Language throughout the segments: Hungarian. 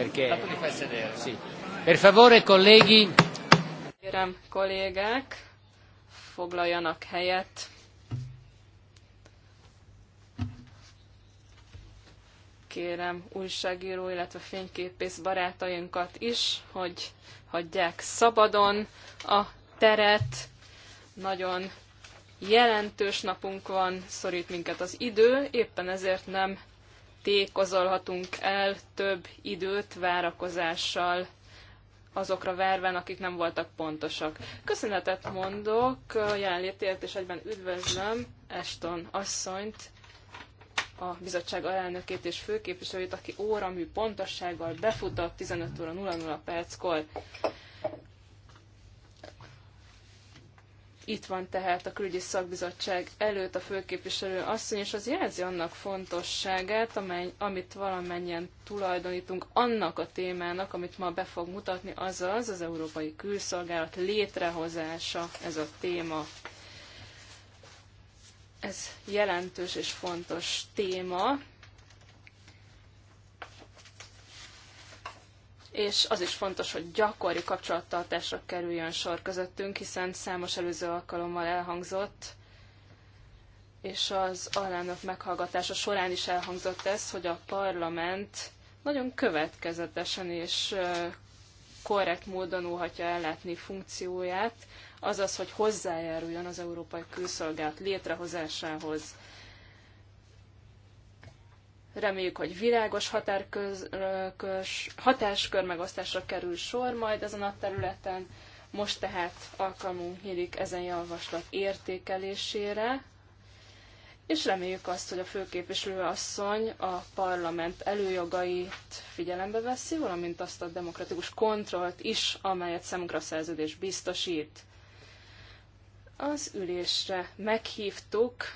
Perché... Sì. Per favore, colleghi. Kérem, kollégák, foglaljanak helyet. Kérem újságíró, illetve fényképész barátainkat is, hogy hagyják szabadon a teret. Nagyon jelentős napunk van, szorít minket az idő, éppen ezért nem tékozolhatunk el több időt várakozással azokra verven, akik nem voltak pontosak. Köszönetet mondok jelenlétért, és egyben üdvözlöm Eston asszonyt, a bizottság alelnökét és főképviselőjét, aki óramű pontossággal befutott 15 óra 00 perckor. Itt van tehát a külügyi szakbizottság előtt a főképviselő asszony, és az jelzi annak fontosságát, amely, amit valamennyien tulajdonítunk annak a témának, amit ma be fog mutatni, azaz az Európai Külszolgálat létrehozása, ez a téma. Ez jelentős és fontos téma, és az is fontos, hogy gyakori kapcsolattartásra kerüljön sor közöttünk, hiszen számos előző alkalommal elhangzott, és az alelnök meghallgatása során is elhangzott ez, hogy a parlament nagyon következetesen és korrekt módon óhatja ellátni funkcióját, azaz, hogy hozzájáruljon az Európai Külszolgált létrehozásához. Reméljük, hogy virágos határköz, hatáskör megosztásra kerül sor majd ezen a területen. Most tehát alkalmunk nyílik ezen javaslat értékelésére, és reméljük azt, hogy a főképviselő asszony a parlament előjogait figyelembe veszi, valamint azt a demokratikus kontrollt is, amelyet számunkra a szerződés biztosít. Az ülésre meghívtuk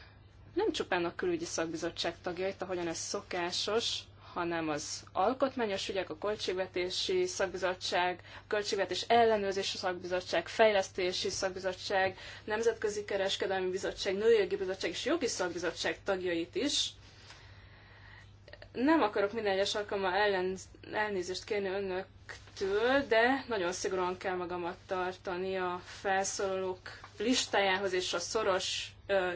nem csupán a külügyi szakbizottság tagjait, ahogyan ez szokásos, hanem az alkotmányos ügyek, a költségvetési szakbizottság, a költségvetés ellenőrzési szakbizottság, fejlesztési szakbizottság, nemzetközi kereskedelmi bizottság, nőjogi bizottság és jogi szakbizottság tagjait is. Nem akarok minden egyes alkalommal ellen, elnézést kérni önöktől, de nagyon szigorúan kell magamat tartani a felszólalók listájához és a szoros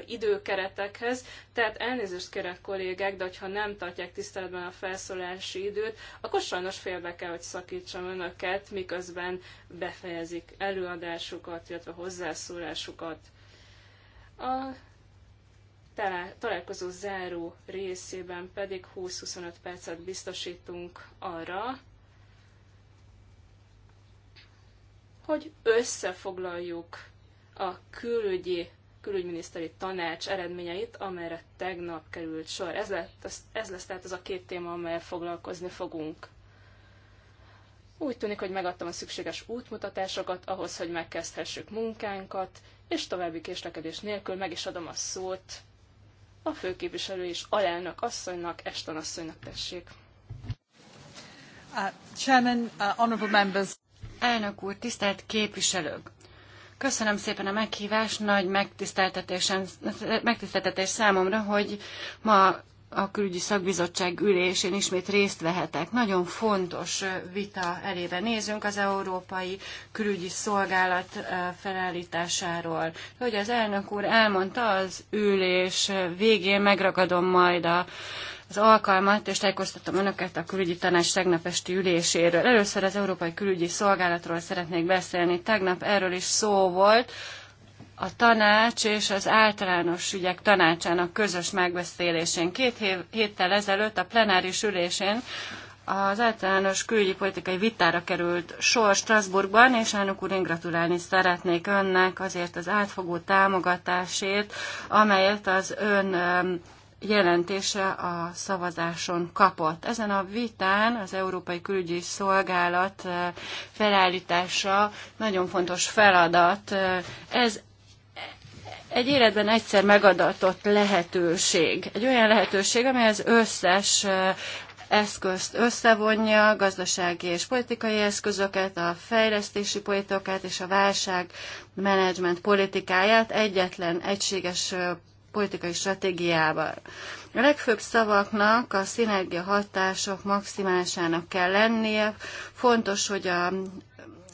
időkeretekhez. Tehát elnézést kérek kollégák, de hogyha nem tartják tiszteletben a felszólási időt, akkor sajnos félbe kell, hogy szakítsam önöket, miközben befejezik előadásukat, illetve hozzászólásukat. A találkozó záró részében pedig 20-25 percet biztosítunk arra, hogy összefoglaljuk a külügyi külügyminiszteri tanács eredményeit, amelyre tegnap került sor. Ez, lett, ez lesz tehát az a két téma, amelyel foglalkozni fogunk. Úgy tűnik, hogy megadtam a szükséges útmutatásokat ahhoz, hogy megkezdhessük munkánkat, és további késlekedés nélkül meg is adom a szót a főképviselő és alelnök asszonynak, Eston asszonynak tessék. Uh, chairman, uh, honorable members. Elnök úr, tisztelt képviselők! Köszönöm szépen a meghívást, nagy megtiszteltetés számomra, hogy ma a külügyi szakbizottság ülésén ismét részt vehetek. Nagyon fontos vita elébe nézünk az Európai Külügyi Szolgálat felállításáról. Hogy az elnök úr elmondta, az ülés végén megragadom majd a az alkalmat, és tájékoztatom Önöket a külügyi tanács tegnap esti üléséről. Először az Európai Külügyi Szolgálatról szeretnék beszélni. Tegnap erről is szó volt, a tanács és az általános ügyek tanácsának közös megbeszélésén. Két héttel ezelőtt a plenáris ülésén az általános külügyi politikai vitára került sor Strasbourgban, és elnök úr, én gratulálni szeretnék önnek azért az átfogó támogatásért, amelyet az ön jelentése a szavazáson kapott. Ezen a vitán az Európai Külügyi Szolgálat eh, felállítása nagyon fontos feladat. Eh, ez egy életben egyszer megadatott lehetőség. Egy olyan lehetőség, amely az összes eh, eszközt összevonja, gazdasági és politikai eszközöket, a fejlesztési politikát és a válságmenedzsment politikáját egyetlen egységes politikai stratégiába. A legfőbb szavaknak a szinergia hatások maximálisának kell lennie. Fontos, hogy a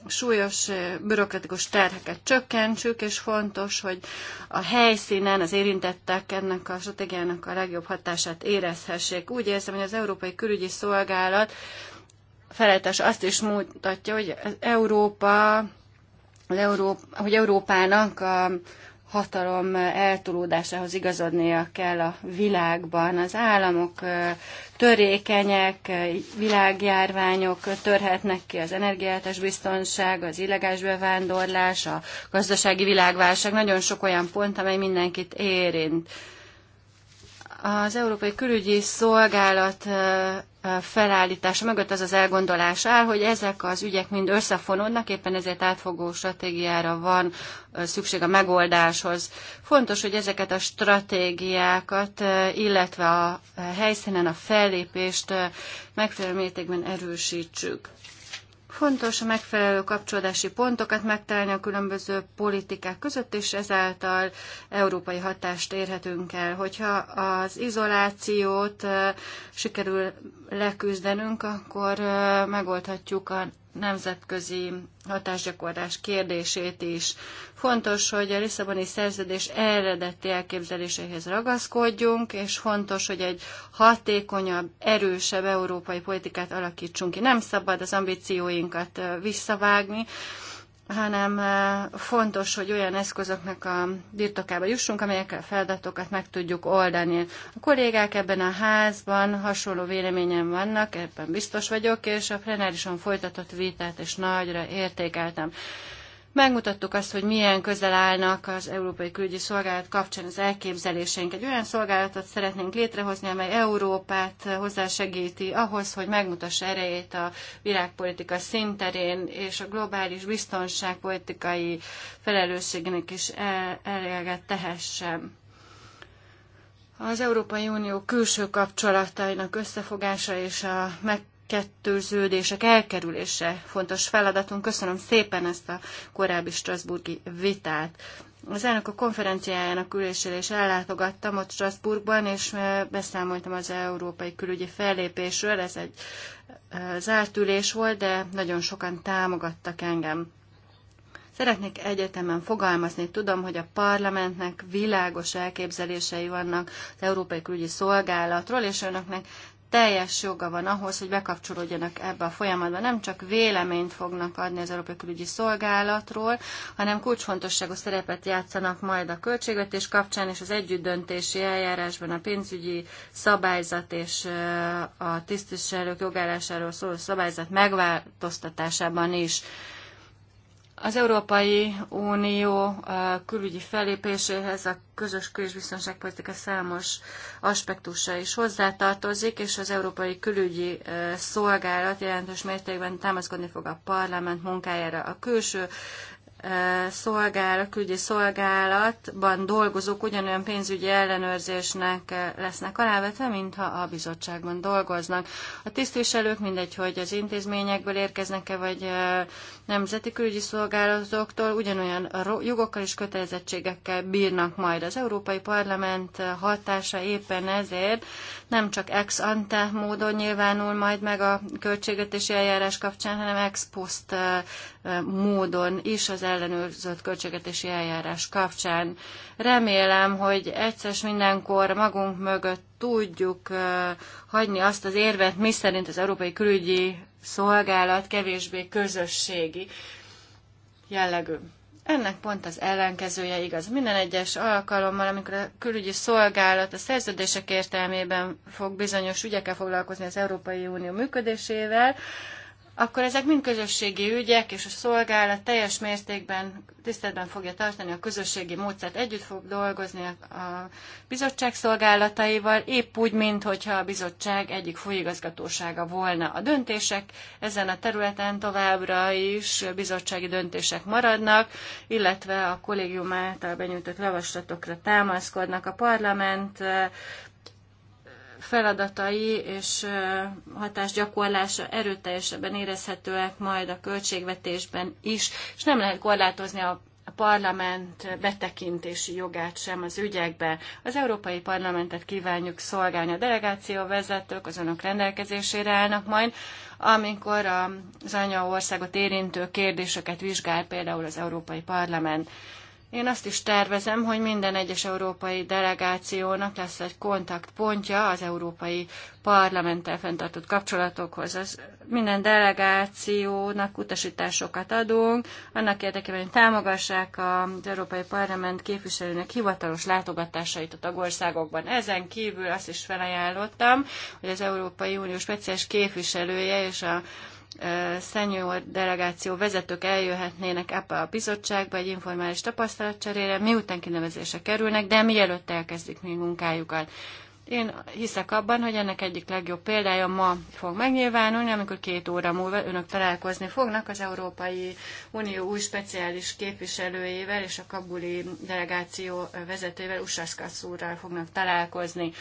súlyos bürokratikus terheket csökkentsük, és fontos, hogy a helyszínen az érintettek ennek a stratégiának a legjobb hatását érezhessék. Úgy érzem, hogy az Európai Külügyi Szolgálat felejtes azt is mutatja, hogy az Európa, az Európa, hogy Európának a hatalom eltulódásához igazodnia kell a világban. Az államok törékenyek, világjárványok törhetnek ki az energiátes biztonság, az illegális bevándorlás, a gazdasági világválság, nagyon sok olyan pont, amely mindenkit érint. Az Európai Külügyi Szolgálat felállítása mögött az az elgondolás áll, hogy ezek az ügyek mind összefonódnak, éppen ezért átfogó stratégiára van szükség a megoldáshoz. Fontos, hogy ezeket a stratégiákat, illetve a helyszínen a fellépést megfelelő mértékben erősítsük. Fontos a megfelelő kapcsolódási pontokat megtalálni a különböző politikák között, és ezáltal európai hatást érhetünk el. Hogyha az izolációt sikerül leküzdenünk, akkor megoldhatjuk a nemzetközi hatásgyakorlás kérdését is. Fontos, hogy a Lisszaboni szerződés eredeti elképzeléséhez ragaszkodjunk, és fontos, hogy egy hatékonyabb, erősebb európai politikát alakítsunk ki. Nem szabad az ambícióinkat visszavágni, hanem eh, fontos, hogy olyan eszközöknek a birtokába jussunk, amelyekkel feladatokat meg tudjuk oldani. A kollégák ebben a házban hasonló véleményen vannak, ebben biztos vagyok, és a plenárison folytatott vitát is nagyra értékeltem. Megmutattuk azt, hogy milyen közel állnak az Európai Külügyi Szolgálat kapcsán az elképzeléseink. Egy olyan szolgálatot szeretnénk létrehozni, amely Európát hozzásegíti ahhoz, hogy megmutassa erejét a világpolitika szinterén, és a globális biztonságpolitikai felelősségnek is eleget tehessen. Az Európai Unió külső kapcsolatainak összefogása és a meg kettőződések elkerülése fontos feladatunk. Köszönöm szépen ezt a korábbi Strasburgi vitát. Az elnök a konferenciájának ülésére is ellátogattam ott Strasbourgban, és eh, beszámoltam az európai külügyi fellépésről. Ez egy eh, zárt ülés volt, de nagyon sokan támogattak engem. Szeretnék egyetemen fogalmazni, tudom, hogy a parlamentnek világos elképzelései vannak az Európai Külügyi Szolgálatról, és önöknek teljes joga van ahhoz, hogy bekapcsolódjanak ebbe a folyamatba. Nem csak véleményt fognak adni az Európai Külügyi Szolgálatról, hanem kulcsfontosságú szerepet játszanak majd a költségvetés kapcsán és az együttdöntési eljárásban a pénzügyi szabályzat és a tisztviselők jogállásáról szóló szabályzat megváltoztatásában is. Az Európai Unió eh, külügyi fellépéséhez a közös kül- és biztonságpolitika számos aspektusa is hozzátartozik, és az Európai Külügyi eh, Szolgálat jelentős mértékben támaszkodni fog a parlament munkájára. A külső szolgálat, külügyi szolgálatban dolgozók ugyanolyan pénzügyi ellenőrzésnek lesznek alávetve, mintha a bizottságban dolgoznak. A tisztviselők mindegy, hogy az intézményekből érkeznek-e, vagy nemzeti külügyi szolgálatoktól, ugyanolyan jogokkal és kötelezettségekkel bírnak majd. Az Európai Parlament hatása éppen ezért nem csak ex ante módon nyilvánul majd meg a költségvetési eljárás kapcsán, hanem ex post módon is az ellenőrzött költségvetési eljárás kapcsán. Remélem, hogy egyszer mindenkor magunk mögött tudjuk hagyni azt az érvet, miszerint az Európai Külügyi Szolgálat kevésbé közösségi jellegű. Ennek pont az ellenkezője igaz. Minden egyes alkalommal, amikor a külügyi szolgálat a szerződések értelmében fog bizonyos ügyekkel foglalkozni az Európai Unió működésével, akkor ezek mind közösségi ügyek, és a szolgálat teljes mértékben tiszteletben fogja tartani a közösségi módszert, együtt fog dolgozni a, bizottság szolgálataival, épp úgy, mint hogyha a bizottság egyik folyigazgatósága volna. A döntések ezen a területen továbbra is bizottsági döntések maradnak, illetve a kollégium által benyújtott javaslatokra támaszkodnak. A parlament feladatai és hatásgyakorlása erőteljesebben érezhetőek majd a költségvetésben is, és nem lehet korlátozni a a parlament betekintési jogát sem az ügyekbe. Az Európai Parlamentet kívánjuk szolgálni. A delegáció vezetők az önök rendelkezésére állnak majd, amikor az anyaországot érintő kérdéseket vizsgál például az Európai Parlament. Én azt is tervezem, hogy minden egyes európai delegációnak lesz egy kontaktpontja az Európai Parlamenttel fenntartott kapcsolatokhoz. Az minden delegációnak utasításokat adunk, annak érdekében, hogy támogassák az Európai Parlament képviselőnek hivatalos látogatásait a tagországokban. Ezen kívül azt is felajánlottam, hogy az Európai Unió speciális képviselője és a senior delegáció vezetők eljöhetnének ebbe a bizottságba egy informális tapasztalatcserére, miután kinevezése kerülnek, de mielőtt elkezdik még munkájukat. Én hiszek abban, hogy ennek egyik legjobb példája ma fog megnyilvánulni, amikor két óra múlva önök találkozni fognak az Európai Unió új speciális képviselőjével és a kabuli delegáció vezetővel, Usaszkasz úrral fognak találkozni.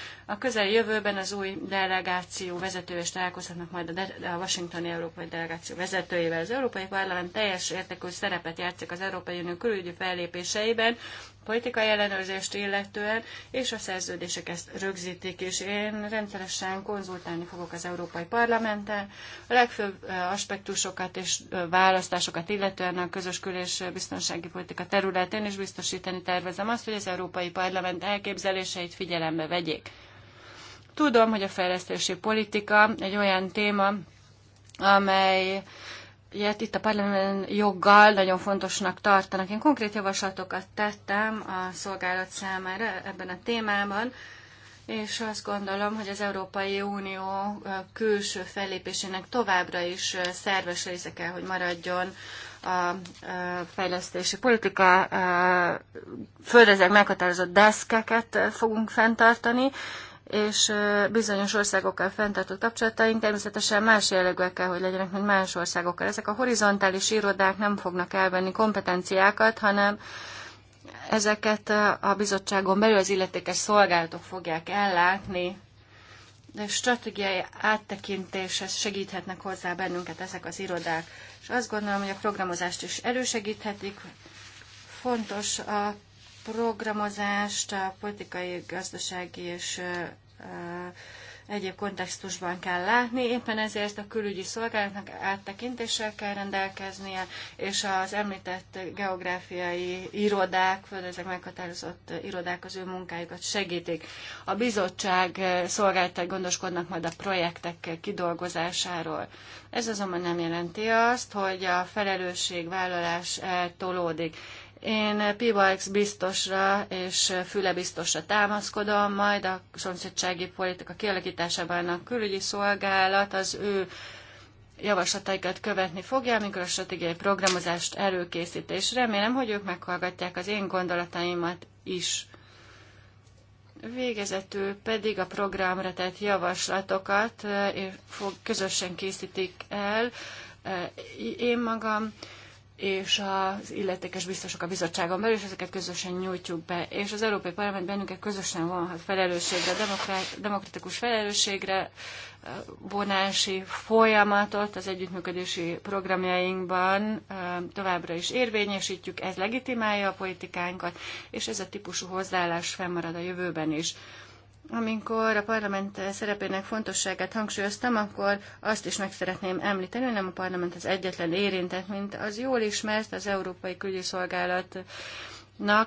A jövőben az új delegáció vezetője is találkozhatnak majd a, de- a Washingtoni Európai Delegáció vezetőjével. Az Európai Parlament teljes értékű szerepet játszik az Európai Unió külügyi fellépéseiben, politikai ellenőrzést illetően, és a szerződések ezt rögzítik, és én rendszeresen konzultálni fogok az Európai Parlamenttel. A legfőbb aspektusokat és választásokat illetően a közös kül- és biztonsági politika területén is biztosítani tervezem azt, hogy az Európai Parlament elképzeléseit figyelembe vegyék. Tudom, hogy a fejlesztési politika egy olyan téma, amely Ilyet itt a parlament joggal nagyon fontosnak tartanak. Én konkrét javaslatokat tettem a szolgálat számára ebben a témában, és azt gondolom, hogy az Európai Unió külső fellépésének továbbra is szerves része kell, hogy maradjon a fejlesztési politika. Földrajzilag meghatározott deszkeket fogunk fenntartani, és bizonyos országokkal fenntartott kapcsolataink természetesen más jellegűek kell, hogy legyenek, mint más országokkal. Ezek a horizontális irodák nem fognak elvenni kompetenciákat, hanem ezeket a bizottságon belül az illetékes szolgálatok fogják ellátni, de stratégiai áttekintéshez segíthetnek hozzá bennünket ezek az irodák. És azt gondolom, hogy a programozást is elősegíthetik. Fontos a programozást a politikai, gazdasági és egyéb kontextusban kell látni, éppen ezért a külügyi szolgálatnak áttekintéssel kell rendelkeznie, és az említett geográfiai irodák, ezek meghatározott irodák az ő munkájukat segítik. A bizottság szolgáltat gondoskodnak majd a projektek kidolgozásáról. Ez azonban nem jelenti azt, hogy a felelősségvállalás eltolódik. Eh, én Pivax biztosra és Füle biztosra támaszkodom, majd a szomszédsági politika kialakításában a külügyi szolgálat az ő javaslataikat követni fogja, amikor a stratégiai programozást előkészít, és remélem, hogy ők meghallgatják az én gondolataimat is. Végezetül pedig a programra tett javaslatokat eh, közösen készítik el. Eh, én magam és az illetékes biztosok a bizottságon belül, és ezeket közösen nyújtjuk be. És az Európai Parlament bennünket közösen vonhat felelősségre, demokratikus felelősségre, eh, vonási folyamatot az együttműködési programjainkban eh, továbbra is érvényesítjük, ez legitimálja a politikánkat, és ez a típusú hozzáállás fennmarad a jövőben is. Amikor a parlament szerepének fontosságát hangsúlyoztam, akkor azt is meg szeretném említeni, hogy nem a parlament az egyetlen érintett, mint az jól ismert az Európai Külügyi Szolgálat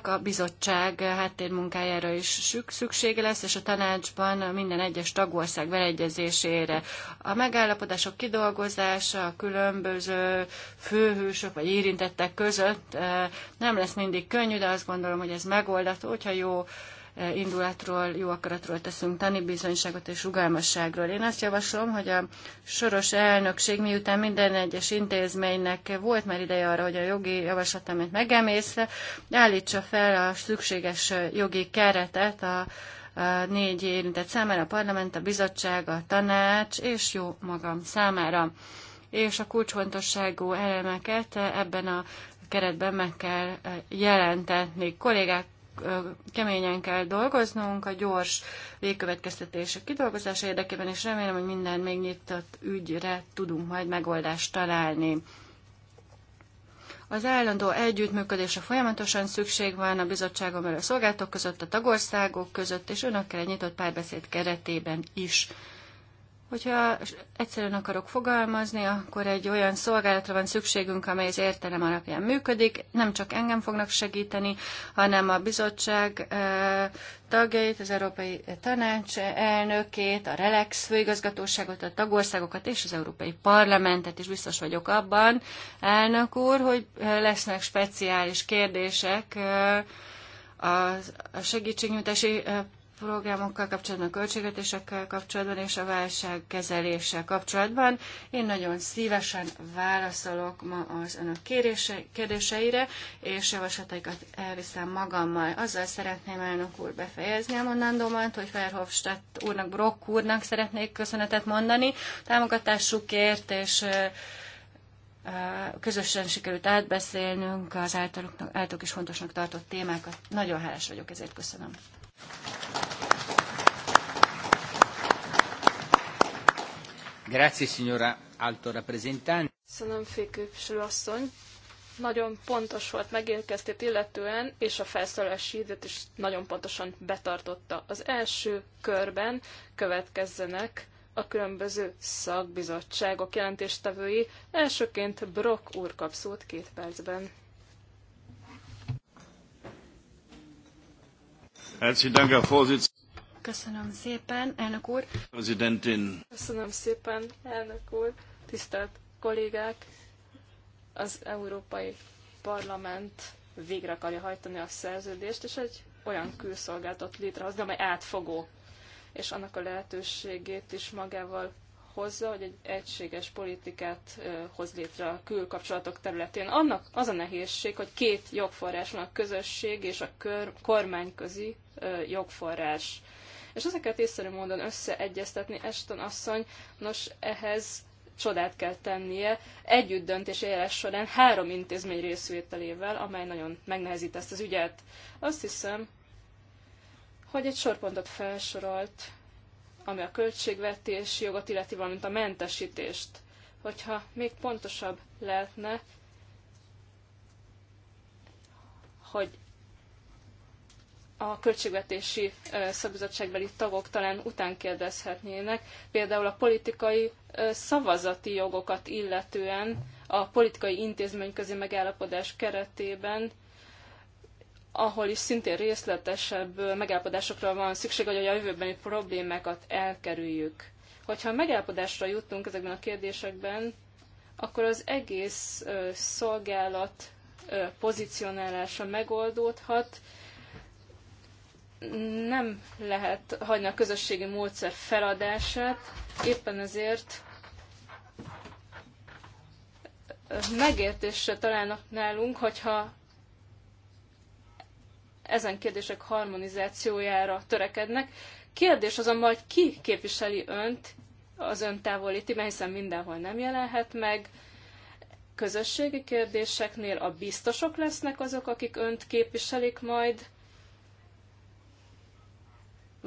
a bizottság háttérmunkájára is szüksége lesz, és a tanácsban minden egyes tagország beleegyezésére. A megállapodások kidolgozása a különböző főhősök vagy érintettek között eh, nem lesz mindig könnyű, de azt gondolom, hogy ez megoldható, hogyha jó indulatról, jó akaratról teszünk tani, bizonyságot és rugalmasságról. Én azt javaslom, hogy a soros elnökség miután minden egyes intézménynek volt már ideje arra, hogy a jogi javaslatát megemészte, állítsa fel a szükséges jogi keretet a a négy érintett számára, a parlament, a bizottság, a tanács és jó magam számára. És a kulcsfontosságú elemeket ebben a keretben meg kell eh, jelentetni. Kollégák, keményen kell dolgoznunk a gyors végkövetkeztetések kidolgozása érdekében, és remélem, hogy minden még nyitott ügyre tudunk majd megoldást találni. Az állandó együttműködésre folyamatosan szükség van a bizottságon belül a szolgáltók között, a tagországok között, és önökkel egy nyitott párbeszéd keretében is. Hogyha egyszerűen akarok fogalmazni, akkor egy olyan szolgálatra van szükségünk, amely az értelem alapján működik. Nem csak engem fognak segíteni, hanem a bizottság eh, tagjait, az Európai Tanács elnökét, a RELEX főigazgatóságot, a tagországokat és az Európai Parlamentet is biztos vagyok abban, elnök úr, hogy eh, lesznek speciális kérdések, eh, a segítségnyújtási programokkal kapcsolatban, a költségvetésekkel kapcsolatban és a kezeléssel kapcsolatban. Én nagyon szívesen válaszolok ma az önök kérése, kérdéseire, és javaslataikat elviszem magammal. Azzal szeretném elnök úr befejezni a mondandómat, hogy Ferhofstadt úrnak, Brock úrnak szeretnék köszönetet mondani támogatásukért, és közösen sikerült átbeszélnünk az általuk, általuk is fontosnak tartott témákat. Nagyon hálás vagyok, ezért köszönöm. Grazie, signora alto rappresentante. Köszönöm, főképviselő asszony. Nagyon pontos volt megérkeztét illetően, és a felszólalási időt is nagyon pontosan betartotta. Az első körben következzenek a különböző szakbizottságok jelentéstevői. Elsőként Brock úr kap szót két percben. Köszönöm szépen, elnök úr. Präsidentin. Köszönöm szépen, elnök úr. Tisztelt kollégák, az Európai Parlament végre akarja hajtani a szerződést, és egy olyan külszolgáltat létrehozni, amely átfogó, és annak a lehetőségét is magával hozza, hogy egy egységes politikát hoz létre a külkapcsolatok területén. Annak az a nehézség, hogy két jogforrás van a közösség és a kör, kormányközi jogforrás. És ezeket észszerű módon összeegyeztetni Eston asszony, nos ehhez csodát kell tennie együtt döntés eljárás során három intézmény részvételével, amely nagyon megnehezít ezt az ügyet. Azt hiszem, hogy egy sorpontot felsorolt ami a költségvetési jogot illeti, valamint a mentesítést. Hogyha még pontosabb lehetne, hogy a költségvetési szakbizottságbeli tagok talán után kérdezhetnének, például a politikai szavazati jogokat illetően a politikai intézményközi megállapodás keretében ahol is szintén részletesebb megállapodásokra van szükség, hogy a jövőbeni problémákat elkerüljük. Hogyha megállapodásra jutunk ezekben a kérdésekben, akkor az egész szolgálat pozícionálása megoldódhat, nem lehet hagyni a közösségi módszer feladását, éppen ezért megértésre találnak nálunk, hogyha ezen kérdések harmonizációjára törekednek. Kérdés azonban, hogy ki képviseli önt az ön távolítiben, hiszen mindenhol nem jelenhet meg. Közösségi kérdéseknél a biztosok lesznek azok, akik önt képviselik majd,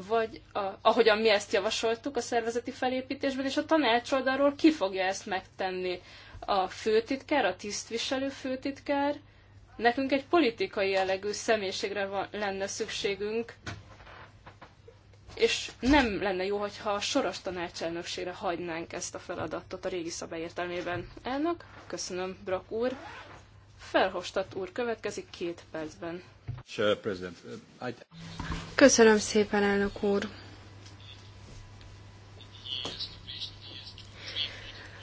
vagy a, ahogyan mi ezt javasoltuk a szervezeti felépítésben, és a tanács oldalról ki fogja ezt megtenni? A főtitkár, a tisztviselő főtitkár, Nekünk egy politikai jellegű személyiségre van, lenne szükségünk, és nem lenne jó, hogyha a soros tanácselnökségre hagynánk ezt a feladatot a régi szabály értelmében. Elnök, köszönöm, Brak úr. Felhostat úr következik két percben. Uh, köszönöm szépen, elnök úr.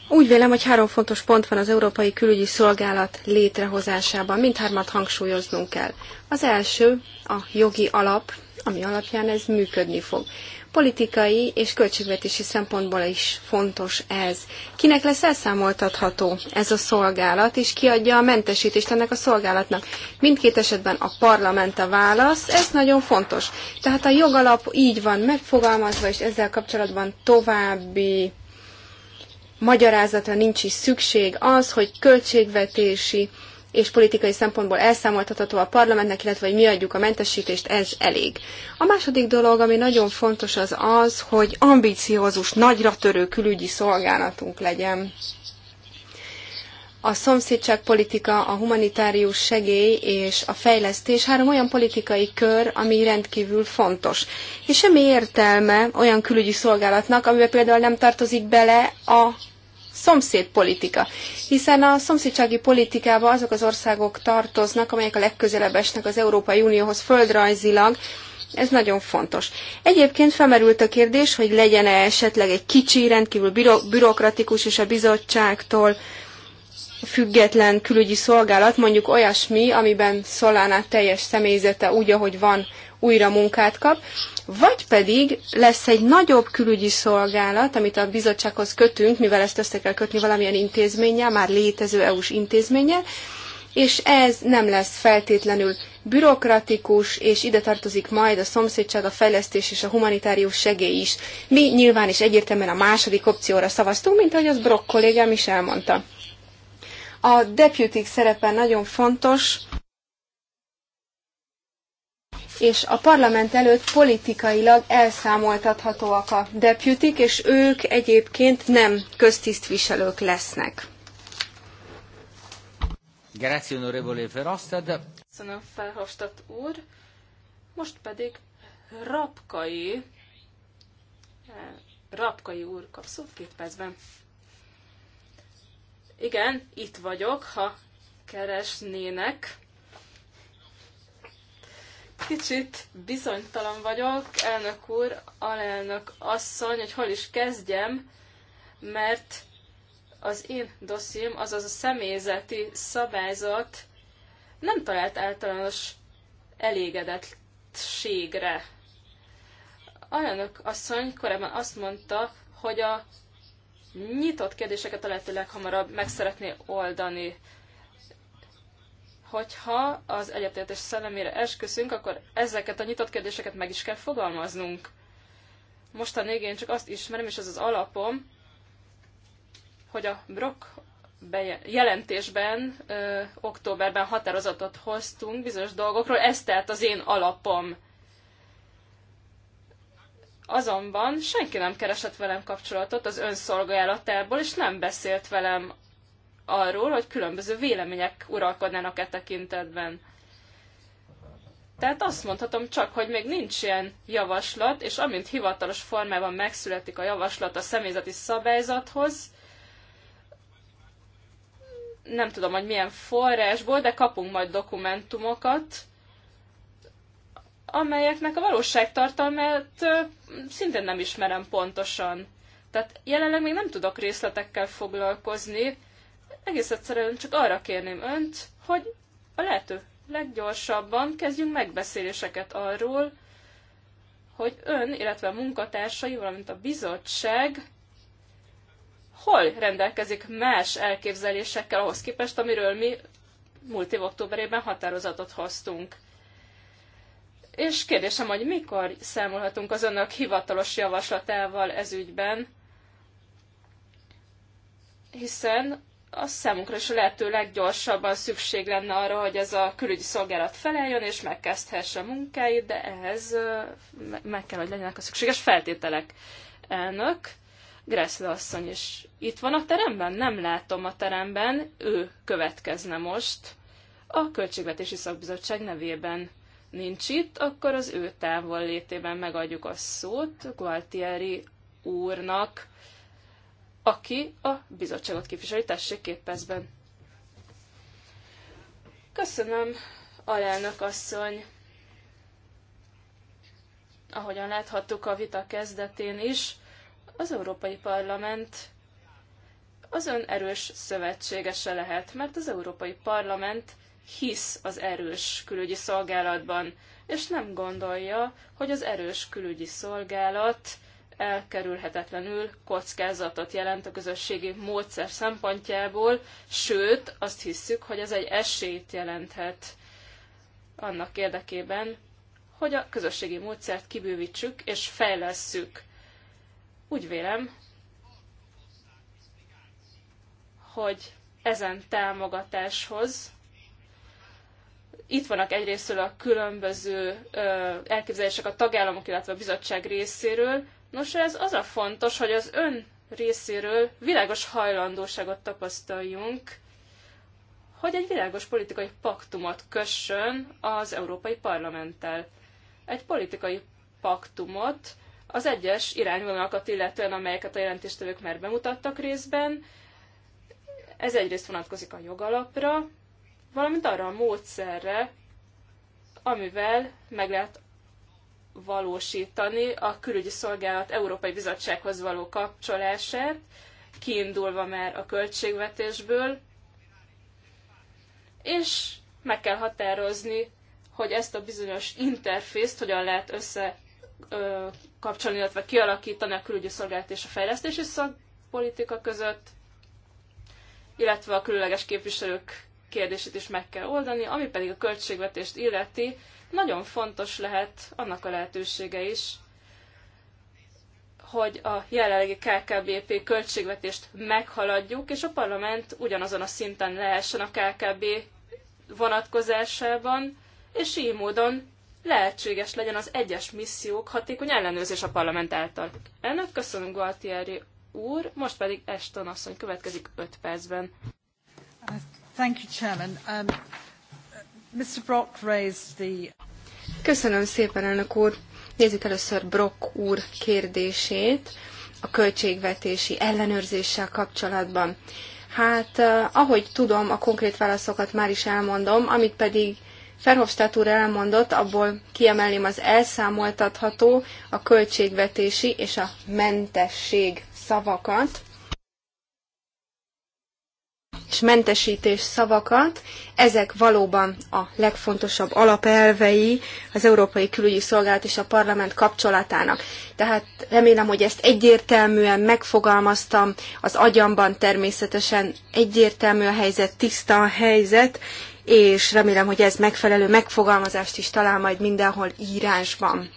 Úgy vélem, hogy három fontos pont van az Európai Külügyi Szolgálat létrehozásában, mindhármat hangsúlyoznunk kell. Az első a jogi alap, ami alapján ez működni fog. Politikai és költségvetési szempontból is fontos ez. Kinek lesz elszámoltatható ez a szolgálat, és ki adja a mentesítést ennek a szolgálatnak? Mindkét esetben a parlament a válasz, ez nagyon fontos. Tehát a jogalap így van megfogalmazva, és ezzel kapcsolatban további magyarázatra nincs is szükség. Az, hogy költségvetési és politikai szempontból elszámoltatható a parlamentnek, illetve hogy mi adjuk a mentesítést, ez elég. A második dolog, ami nagyon fontos, az az, hogy ambiciózus, nagyra törő külügyi szolgálatunk legyen. A szomszédságpolitika, a humanitárius segély és a fejlesztés három olyan politikai kör, ami rendkívül fontos. És semmi értelme olyan külügyi szolgálatnak, amiben például nem tartozik bele a szomszédpolitika. Hiszen a szomszédsági politikába azok az országok tartoznak, amelyek a legközelebb esnek az Európai Unióhoz földrajzilag, ez nagyon fontos. Egyébként felmerült a kérdés, hogy legyen-e esetleg egy kicsi, rendkívül bürokratikus és a bizottságtól független külügyi szolgálat mondjuk olyasmi, amiben Solana teljes személyzete úgy, ahogy van, újra munkát kap, vagy pedig lesz egy nagyobb külügyi szolgálat, amit a bizottsághoz kötünk, mivel ezt össze kell kötni valamilyen intézménnyel, már létező EU-s intézménnyel, és ez nem lesz feltétlenül bürokratikus, és ide tartozik majd a szomszédság, a fejlesztés és a humanitárius segély is. Mi nyilván is egyértelműen a második opcióra szavaztunk, mint ahogy az Brock kollégám is elmondta. A deputik szerepe nagyon fontos, és a parlament előtt politikailag elszámoltathatóak a deputik, és ők egyébként nem köztisztviselők lesznek. onorevole Köszönöm, Verhofstadt úr. Most pedig Rapkai, eh, Rapkai úr kap szó két percben. Igen, itt vagyok, ha keresnének. Kicsit bizonytalan vagyok, elnök úr, alelnök asszony, hogy hol is kezdjem, mert az én dosszim, azaz a személyzeti szabályzat nem talált általános elégedettségre. Alelnök asszony korábban azt mondta, hogy a nyitott kérdéseket a lehető leghamarabb meg szeretné oldani. Hogyha az egyetértés szellemére esküszünk, akkor ezeket a nyitott kérdéseket meg is kell fogalmaznunk. Mostanig én csak azt ismerem, és ez az alapom, hogy a Brock jelentésben ö, októberben határozatot hoztunk bizonyos dolgokról, ez tehát az én alapom. Azonban senki nem keresett velem kapcsolatot az önszolgálatából, és nem beszélt velem arról, hogy különböző vélemények uralkodnának e tekintetben. Tehát azt mondhatom csak, hogy még nincs ilyen javaslat, és amint hivatalos formában megszületik a javaslat a személyzeti szabályzathoz, nem tudom, hogy milyen forrásból, de kapunk majd dokumentumokat, amelyeknek a valóságtartalmát szintén nem ismerem pontosan. Tehát jelenleg még nem tudok részletekkel foglalkozni, egész egyszerűen csak arra kérném önt, hogy a lehető leggyorsabban kezdjünk megbeszéléseket arról, hogy ön, illetve a munkatársai, valamint a bizottság hol rendelkezik más elképzelésekkel ahhoz képest, amiről mi múlt év októberében határozatot hoztunk. És kérdésem, hogy mikor számolhatunk az önök hivatalos javaslatával ez ügyben, hiszen az számunkra is a lehető leggyorsabban szükség lenne arra, hogy ez a külügyi szolgálat felálljon és megkezdhesse a munkáit, de ehhez meg kell, hogy legyenek a szükséges feltételek. Elnök, Gressle asszony is itt van a teremben? Nem látom a teremben, ő következne most a Költségvetési Szakbizottság nevében nincs itt, akkor az ő távol létében megadjuk a szót Gualtieri úrnak, aki a bizottságot képviseli. Tessék két percben. Köszönöm, alelnök asszony. Ahogyan láthattuk a vita kezdetén is, az Európai Parlament az ön erős szövetségese lehet, mert az Európai Parlament hisz az erős külügyi szolgálatban, és nem gondolja, hogy az erős külügyi szolgálat elkerülhetetlenül kockázatot jelent a közösségi módszer szempontjából, sőt, azt hisszük, hogy ez egy esélyt jelenthet annak érdekében, hogy a közösségi módszert kibővítsük és fejlesszük. Úgy vélem, hogy ezen támogatáshoz itt vannak egyrésztről a különböző elképzelések a tagállamok, illetve a bizottság részéről. Nos, ez az a fontos, hogy az ön részéről világos hajlandóságot tapasztaljunk, hogy egy világos politikai paktumot kössön az Európai Parlamenttel. Egy politikai paktumot az egyes irányvonalakat illetően, amelyeket a jelentéstevők már bemutattak részben. Ez egyrészt vonatkozik a jogalapra, valamint arra a módszerre, amivel meg lehet valósítani a külügyi szolgálat Európai Bizottsághoz való kapcsolását, kiindulva már a költségvetésből, és meg kell határozni, hogy ezt a bizonyos interfészt hogyan lehet összekapcsolni, illetve kialakítani a külügyi szolgálat és a fejlesztési szakpolitika között, illetve a különleges képviselők kérdését is meg kell oldani, ami pedig a költségvetést illeti, nagyon fontos lehet annak a lehetősége is, hogy a jelenlegi KKBP költségvetést meghaladjuk, és a parlament ugyanazon a szinten lehessen a KKB vonatkozásában, és így módon lehetséges legyen az egyes missziók hatékony ellenőrzés a parlament által. Ennek köszönöm Gualtieri úr, most pedig Eston asszony következik 5 percben. Um, uh, Köszönöm szépen, elnök úr. Nézzük először Brock úr kérdését a költségvetési ellenőrzéssel kapcsolatban. Hát, uh, ahogy tudom, a konkrét válaszokat már is elmondom, amit pedig Ferhofstadt úr elmondott, abból kiemelném az elszámoltatható, a költségvetési és a mentesség szavakat és mentesítés szavakat, ezek valóban a legfontosabb alapelvei az Európai Külügyi Szolgálat és a Parlament kapcsolatának. Tehát remélem, hogy ezt egyértelműen megfogalmaztam, az agyamban természetesen egyértelmű a helyzet, tiszta a helyzet, és remélem, hogy ez megfelelő megfogalmazást is talál majd mindenhol írásban.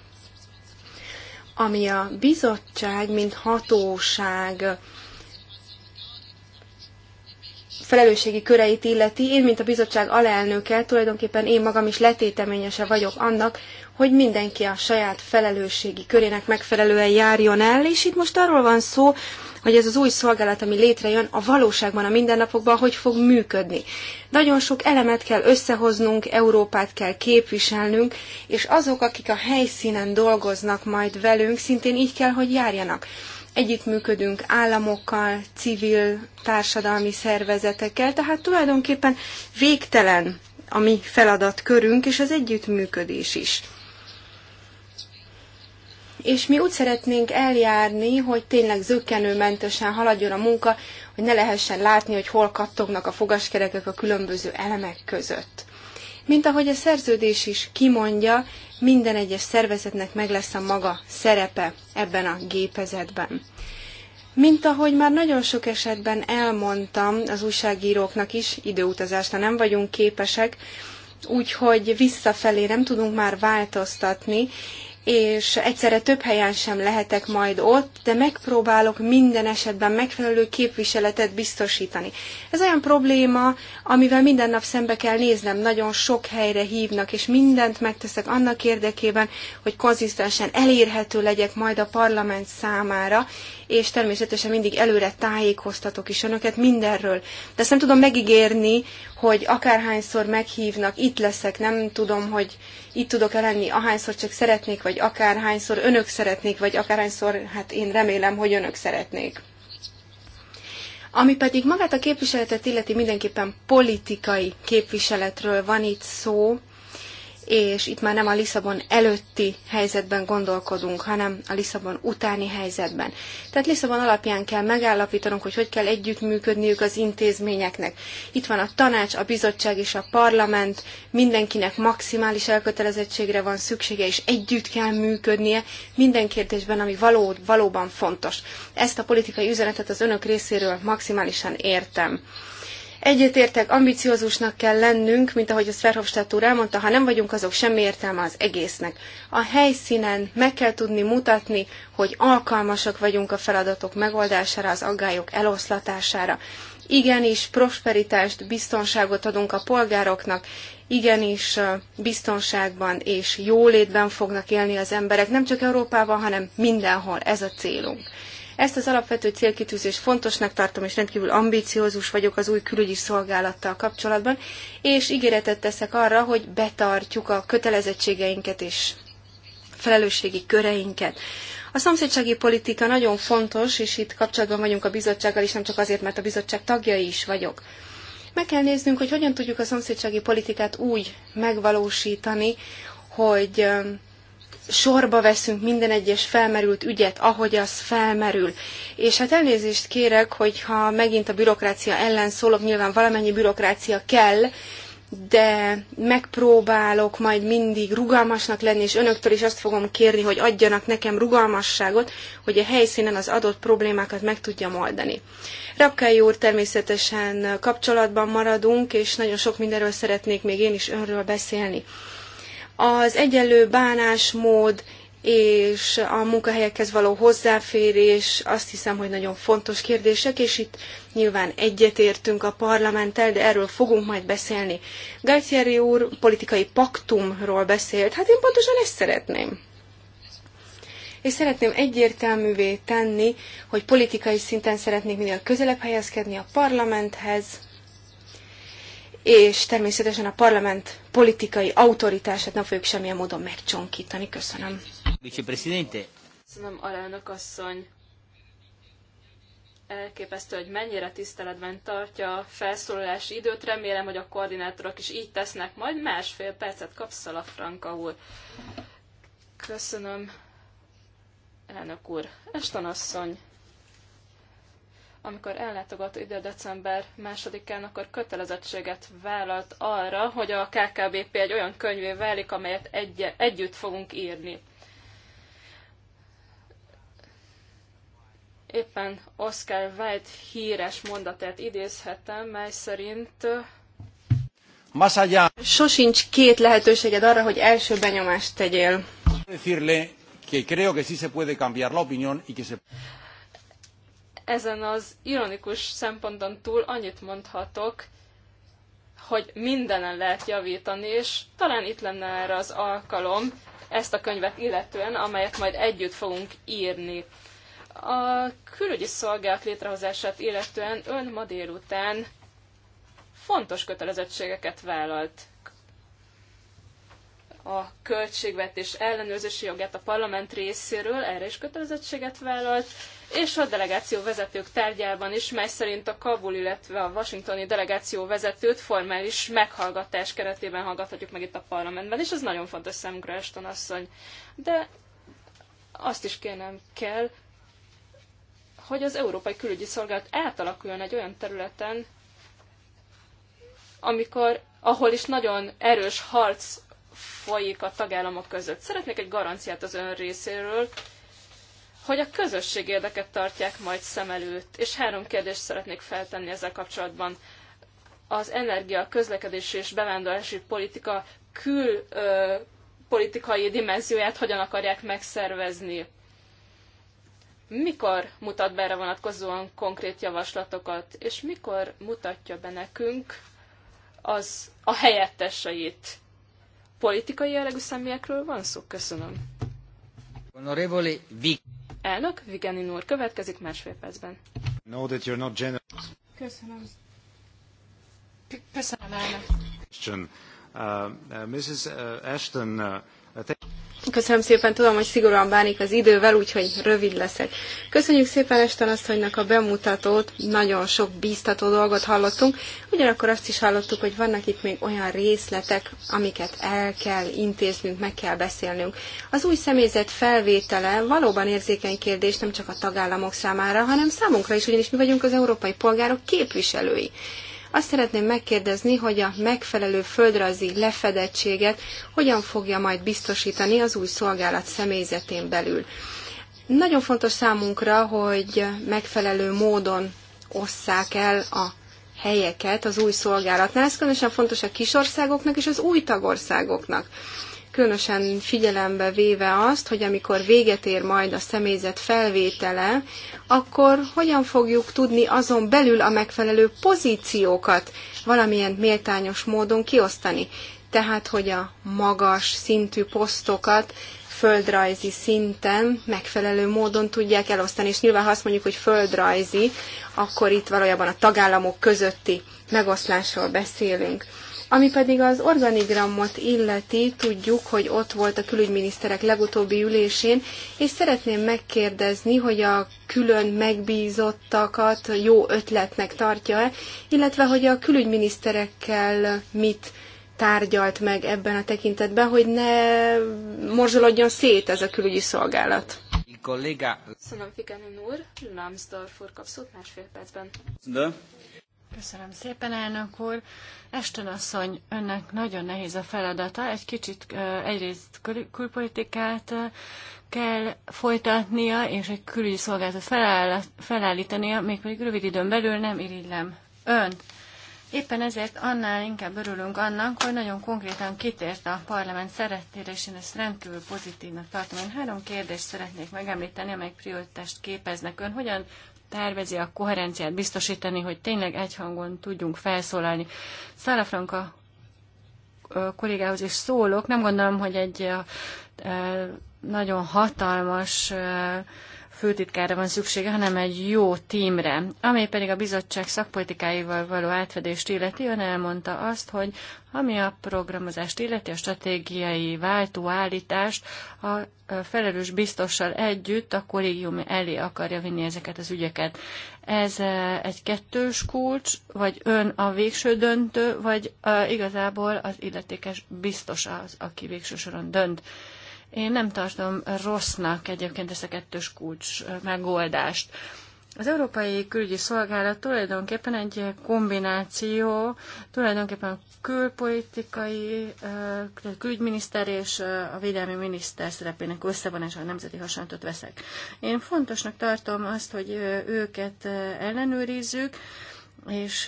Ami a bizottság, mint hatóság felelősségi köreit illeti, én, mint a bizottság alelnöke, tulajdonképpen én magam is letéteményese vagyok annak, hogy mindenki a saját felelősségi körének megfelelően járjon el, és itt most arról van szó, hogy ez az új szolgálat, ami létrejön, a valóságban, a mindennapokban hogy fog működni. Nagyon sok elemet kell összehoznunk, Európát kell képviselnünk, és azok, akik a helyszínen dolgoznak majd velünk, szintén így kell, hogy járjanak együttműködünk államokkal, civil társadalmi szervezetekkel, tehát tulajdonképpen végtelen a mi feladatkörünk és az együttműködés is. És mi úgy szeretnénk eljárni, hogy tényleg zöggenőmentesen haladjon a munka, hogy ne lehessen látni, hogy hol kattognak a fogaskerekek a különböző elemek között. Mint ahogy a szerződés is kimondja, minden egyes szervezetnek meg lesz a maga szerepe ebben a gépezetben. Mint ahogy már nagyon sok esetben elmondtam, az újságíróknak is időutazásra nem vagyunk képesek, úgyhogy visszafelé nem tudunk már változtatni, és egyszerre több helyen sem lehetek majd ott, de megpróbálok minden esetben megfelelő képviseletet biztosítani. Ez olyan probléma, amivel minden nap szembe kell néznem, nagyon sok helyre hívnak, és mindent megteszek annak érdekében, hogy konzisztensen elérhető legyek majd a parlament számára, és természetesen mindig előre tájékoztatok is önöket mindenről. De ezt nem tudom megígérni, hogy akárhányszor meghívnak, itt leszek, nem tudom, hogy itt tudok-e lenni, ahányszor csak szeretnék, vagy akárhányszor önök szeretnék, vagy akárhányszor, hát én remélem, hogy önök szeretnék. Ami pedig magát a képviseletet illeti, mindenképpen politikai képviseletről van itt szó, és itt már nem a Lisszabon előtti helyzetben gondolkodunk, hanem a Lisszabon utáni helyzetben. Tehát Lisszabon alapján kell megállapítanunk, hogy hogy kell együttműködniük az intézményeknek. Itt van a tanács, a bizottság és a parlament, mindenkinek maximális elkötelezettségre van szüksége, és együtt kell működnie minden kérdésben, ami való, valóban fontos. Ezt a politikai üzenetet az önök részéről maximálisan értem. Egyetértek, ambiciózusnak kell lennünk, mint ahogy azt Verhofstadt úr elmondta, ha nem vagyunk azok, semmi értelme az egésznek. A helyszínen meg kell tudni mutatni, hogy alkalmasak vagyunk a feladatok megoldására, az aggályok eloszlatására. Igenis prosperitást, biztonságot adunk a polgároknak, igenis biztonságban és jólétben fognak élni az emberek, nem csak Európában, hanem mindenhol. Ez a célunk. Ezt az alapvető célkitűzést fontosnak tartom, és rendkívül ambiciózus vagyok az új külügyi szolgálattal kapcsolatban, és ígéretet teszek arra, hogy betartjuk a kötelezettségeinket és felelősségi köreinket. A szomszédsági politika nagyon fontos, és itt kapcsolatban vagyunk a bizottsággal is, nem csak azért, mert a bizottság tagja is vagyok. Meg kell néznünk, hogy hogyan tudjuk a szomszédsági politikát úgy megvalósítani, hogy sorba veszünk minden egyes felmerült ügyet, ahogy az felmerül. És hát elnézést kérek, hogyha megint a bürokrácia ellen szólok, nyilván valamennyi bürokrácia kell, de megpróbálok majd mindig rugalmasnak lenni, és önöktől is azt fogom kérni, hogy adjanak nekem rugalmasságot, hogy a helyszínen az adott problémákat meg tudjam oldani. Rapkály úr, természetesen kapcsolatban maradunk, és nagyon sok mindenről szeretnék még én is önről beszélni az egyenlő bánásmód és a munkahelyekhez való hozzáférés azt hiszem, hogy nagyon fontos kérdések, és itt nyilván egyetértünk a parlamenttel, de erről fogunk majd beszélni. Gajcieri úr politikai paktumról beszélt, hát én pontosan ezt szeretném. És szeretném egyértelművé tenni, hogy politikai szinten szeretnék minél közelebb helyezkedni a parlamenthez, és természetesen a parlament politikai autoritását nem fogjuk semmilyen módon megcsonkítani. Köszönöm. Köszönöm, alelnök asszony. Elképesztő, hogy mennyire tiszteletben tartja a felszólalási időt. Remélem, hogy a koordinátorok is így tesznek. Majd másfél percet kapsz Franka úr. Köszönöm, elnök úr. Eston asszony amikor ellátogat ide december másodikán, akkor kötelezettséget vállalt arra, hogy a KKBP egy olyan könyvé válik, amelyet egy- együtt fogunk írni. Éppen Oscar Wilde híres mondatát idézhetem, mely szerint Masaya. Sosincs két lehetőséged arra, hogy első benyomást tegyél. Decirle que creo que sí se puede cambiar la opinión y que se ezen az ironikus szemponton túl annyit mondhatok, hogy mindenen lehet javítani, és talán itt lenne erre az alkalom ezt a könyvet illetően, amelyet majd együtt fogunk írni. A külügyi szolgálat létrehozását illetően ön ma délután fontos kötelezettségeket vállalt a költségvetés ellenőrzési jogát a parlament részéről, erre is kötelezettséget vállalt, és a delegáció vezetők tárgyában is, mely szerint a Kabul, illetve a washingtoni delegáció vezetőt formális meghallgatás keretében hallgathatjuk meg itt a parlamentben, és ez nagyon fontos számunkra, Ashton asszony. De azt is kérnem kell, hogy az Európai Külügyi Szolgálat átalakuljon egy olyan területen, amikor, ahol is nagyon erős harc folyik a tagállamok között. Szeretnék egy garanciát az ön részéről, hogy a közösség érdeket tartják majd szem előtt, és három kérdést szeretnék feltenni ezzel kapcsolatban. Az energia, közlekedés és bevándorlási politika kül politikai dimenzióját hogyan akarják megszervezni? Mikor mutat be erre vonatkozóan konkrét javaslatokat, és mikor mutatja be nekünk az a helyetteseit? politikai jellegű személyekről van szó? Köszönöm. Honorable Vic. Elnök, Vigenin úr, következik másfél percben. Know that you're not generous. Köszönöm. Köszönöm, elnök. Uh, uh, Mrs. Ashton, uh, uh Köszönöm szépen, tudom, hogy szigorúan bánik az idővel, úgyhogy rövid leszek. Köszönjük szépen Esten asszonynak a bemutatót, nagyon sok bíztató dolgot hallottunk, ugyanakkor azt is hallottuk, hogy vannak itt még olyan részletek, amiket el kell intéznünk, meg kell beszélnünk. Az új személyzet felvétele valóban érzékeny kérdés nem csak a tagállamok számára, hanem számunkra is, ugyanis mi vagyunk az európai polgárok képviselői. Azt szeretném megkérdezni, hogy a megfelelő földrajzi lefedettséget hogyan fogja majd biztosítani az új szolgálat személyzetén belül. Nagyon fontos számunkra, hogy megfelelő módon osszák el a helyeket az új szolgálatnál. Ez különösen fontos a kisországoknak és az új tagországoknak különösen figyelembe véve azt, hogy amikor véget ér majd a személyzet felvétele, akkor hogyan fogjuk tudni azon belül a megfelelő pozíciókat valamilyen méltányos módon kiosztani. Tehát, hogy a magas szintű posztokat földrajzi szinten megfelelő módon tudják elosztani, és nyilván ha azt mondjuk, hogy földrajzi, akkor itt valójában a tagállamok közötti megoszlásról beszélünk. Ami pedig az organigramot illeti, tudjuk, hogy ott volt a külügyminiszterek legutóbbi ülésén, és szeretném megkérdezni, hogy a külön megbízottakat jó ötletnek tartja-e, illetve hogy a külügyminiszterekkel mit tárgyalt meg ebben a tekintetben, hogy ne morzsolodjon szét ez a külügyi szolgálat. Szóval Köszönöm, Figenő úr. Lambsdorff úr kapszott másfél percben. De? Köszönöm szépen, elnök úr. Esten asszony, önnek nagyon nehéz a feladata. Egy kicsit egyrészt kül- külpolitikát kell folytatnia, és egy külügyi szolgálatot feláll- felállítania, pedig rövid időn belül nem irigylem önt. Éppen ezért annál inkább örülünk annak, hogy nagyon konkrétan kitért a parlament szeretére, és én ezt rendkívül pozitívnak tartom. Én három kérdést szeretnék megemlíteni, amelyek prioritást képeznek. Ön hogyan tervezi a koherenciát biztosítani, hogy tényleg egyhangon tudjunk felszólalni. Franka kollégához is szólok, nem gondolom, hogy egy nagyon hatalmas főtitkára van szüksége, hanem egy jó tímre. Ami pedig a bizottság szakpolitikáival való átfedést illeti, ön elmondta azt, hogy ami a programozást illeti, a stratégiai váltóállítást a felelős biztossal együtt a kollégium elé akarja vinni ezeket az ügyeket. Ez egy kettős kulcs, vagy ön a végső döntő, vagy igazából az illetékes biztos az, aki végső soron dönt. Én nem tartom rossznak egyébként ezt a kettős kulcs megoldást. Az Európai Külügyi Szolgálat tulajdonképpen egy kombináció, tulajdonképpen a külpolitikai, a külügyminiszter és a védelmi miniszter szerepének összevonása a nemzeti hasonlatot veszek. Én fontosnak tartom azt, hogy őket ellenőrizzük, és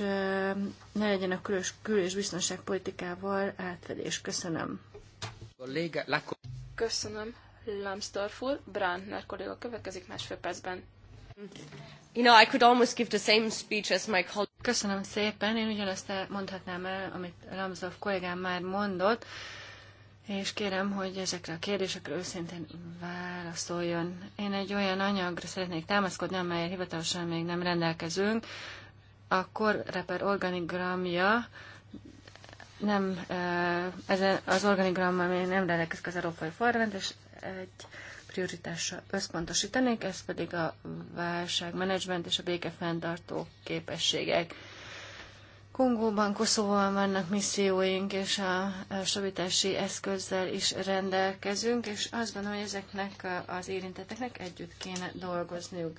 ne legyen a külös, kül- és biztonságpolitikával átfedés. Köszönöm. Köszönöm, Lambsdorff úr. Brandner kolléga következik másfél percben. You know, I could almost give the same speech as my colleague. Köszönöm szépen. Én ugyanazt mondhatnám el, amit Lambsdorff kollégám már mondott, és kérem, hogy ezekre a kérdésekre őszintén válaszoljon. Én egy olyan anyagra szeretnék támaszkodni, amelyel hivatalosan még nem rendelkezünk. A korreper organigramja nem, ez az organigram, ami nem rendelkezik az Európai Forrend, és egy prioritásra összpontosítanék, ez pedig a válságmenedzsment és a békefenntartó képességek. Kongóban, Koszovóban vannak misszióink, és a stabilitási eszközzel is rendelkezünk, és azt gondolom, hogy ezeknek az érintetteknek együtt kéne dolgozniuk.